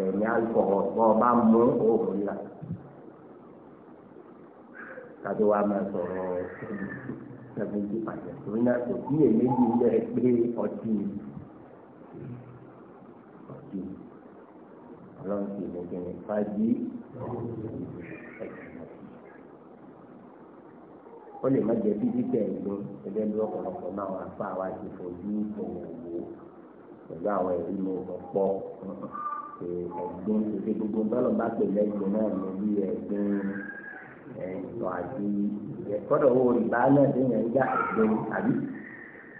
rẹ̀ ní alcohol tó o bá mú oògùn là kájọ wa máa sọ̀rọ̀ seventy percent torí náà òbí èmi ní ilé ẹgbẹ́ ọtí yìí. lọ́nkì nìkìní fájí ó lè má jẹ bíbí kẹ̀ẹ́dún ẹgbẹ́ ní ọ̀pọ̀lọpọ̀ náà wọn afá wa ti fojú ìfòwò pẹ̀lú àwọn ẹ̀rí mi ọ̀pọ̀ ẹ̀gbìn èdè gbogbo bọ́lọ̀ bá pè lẹ́gbìn náà ní bí ẹ̀gbìn ẹ̀tọ́ àti ìrẹ́kọ́dọ̀ owó ìbá náà déyàn ń gbà ẹ̀gbìn àbí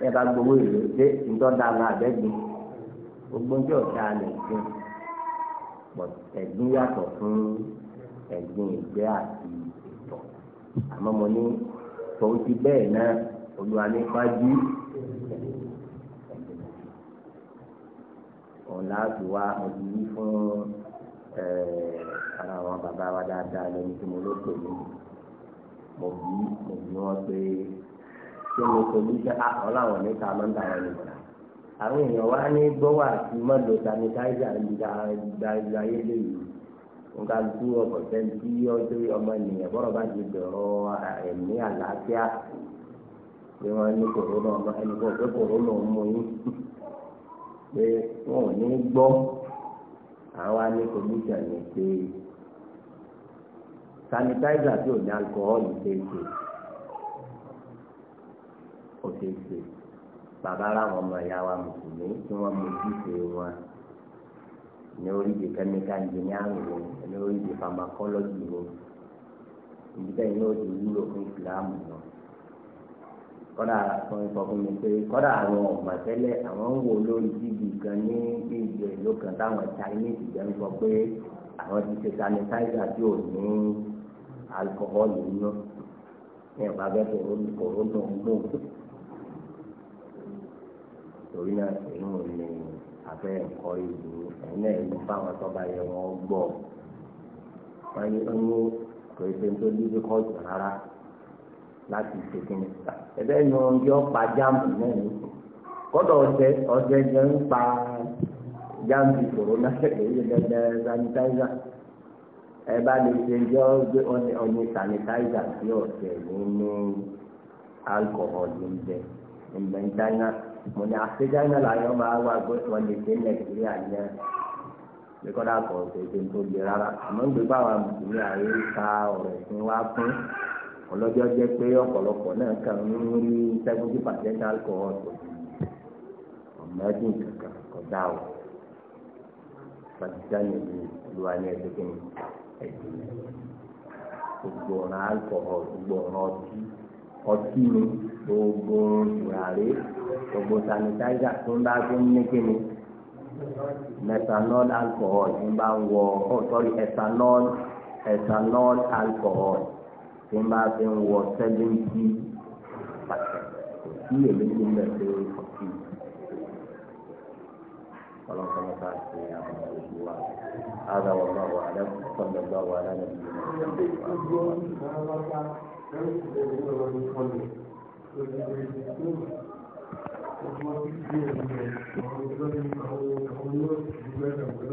ẹ bá gbowó ìrèké ńdọ́dá la àbẹ́gbìn gbogbo ń jẹ́ ọ̀dà lẹ́gbìn ẹ̀gbin yàtọ̀ fún ẹ̀gbin ìgbẹ́ àti ìtọ̀ àmọ́ mo ní tòun ti bẹ́ẹ̀ náà olúwa ní fájú ọ̀la ti wá ọdún yìí fún ara àwọn bàbá wa dáadáa lẹ́nu tí mo ló pè mí mo bí mo bí wọn pé ṣé mo sọ ah, ní sẹ́ ọ̀la wọn níta lọ́ńdà wọn nìkan àwọn èèyàn wá ní gbọ́wọ́ àti mọ́lò sanitaiza ìdàgbàyé lẹ́yìn nǹkan tó ọkọ̀ sẹ́ńtì ọjọ́ ọmọ ènìyàn bọ́rọ̀ bá ti dọ̀rọ̀ ẹ̀mí àlàáfíà pé wọ́n ní kòrónà ọmọ ẹni kò pé kòrónà ń mú yín pé wọn ò ní gbọ́ àwa ní kòmíṣàn pé sanitaiza tí ò ní alukọ́ọ̀lù ṣe é ṣe ó ṣe é ṣe bàbá làwọn ọmọ ìyá wa mùsùlùmí tí wọ́n mójútó wọn ní oríṣi kẹ́míkà ìjìnìárì wọn ní oríṣi pharmacology wọn ìdíbẹ̀ yìí ó ti wúlò fún ìsìláàmù wọn kọ́dà kan sọ fún mi pé kọ́dà àwọn ọ̀gbà tẹ́lẹ̀ àwọn ń wò lórí bíbí kan ní bíbí èlò táwọn Chinese jẹ́ ń sọ pé àwọn ti ṣe sanitizer tí ò ní alcohol nínú ní ìpàgẹ́ kòrónà ń lò torí náà inú ni abẹ́ ẹ̀kọ́ ìlú ẹ̀yin náà ìlú fáwọn tó bá yẹ wọ́n gbọ́ wọ́n ní ó ní kò ṣe tó dídí kọ́ọ̀tù rárá láti ṣe kí ni ẹ̀bẹ́ ni wọ́n yọ pa jáàmù náà ní kọ́dọ̀ ọ̀sẹ̀ ọ̀sẹ̀ jẹ́ ń pa jáàmù ìṣòro náà èyí lẹ́gbẹ́ sanitáìsà ẹ bá lè ṣe jọ gbé ọ̀nì sanitáìsà sí ọ̀sẹ̀ ní alcohol ń bẹ ń bẹ ń dáná mo ní àṣejá náà làyàn máa wá gbé wọn lè dé nàìjíríà yẹn lẹ́kọ̀ọ́dà kọ̀ ṣèṣe tó le rárá àmọ́ ń gbé báwa mùsùlùmí ààrẹ ka ọ̀rọ̀ ẹ̀sìn wá fún ọlọ́jọ́ jẹ́ pé ọ̀pọ̀lọpọ̀ náà kàn ń rí seventy percent alcohol tó ọ̀nà ẹ̀sìn kankan kọjá o pakistani ní olúwa ní ẹgbẹ́ kí ni ẹ̀sìn gbogbo ọ̀ràn alcohol gbogbo ọ̀ràn ọtí ọtí ni gbogbo tùràrí gbogbo sanitaiza tó ń bá tó ń ní kíni methanol alcohol ń bá ń wọ oh sorry ethanol ethanol alcohol tí ń bá fi ń wọ seventy percent kò sí èmi ní mẹ́tẹ́ ọtí ọlọ́kọ́lọ́ bá ṣe àwọn olùkú wa هذا والله أعلم صلى الله على نبينا محمد وعلى آله وصحبه Thank you.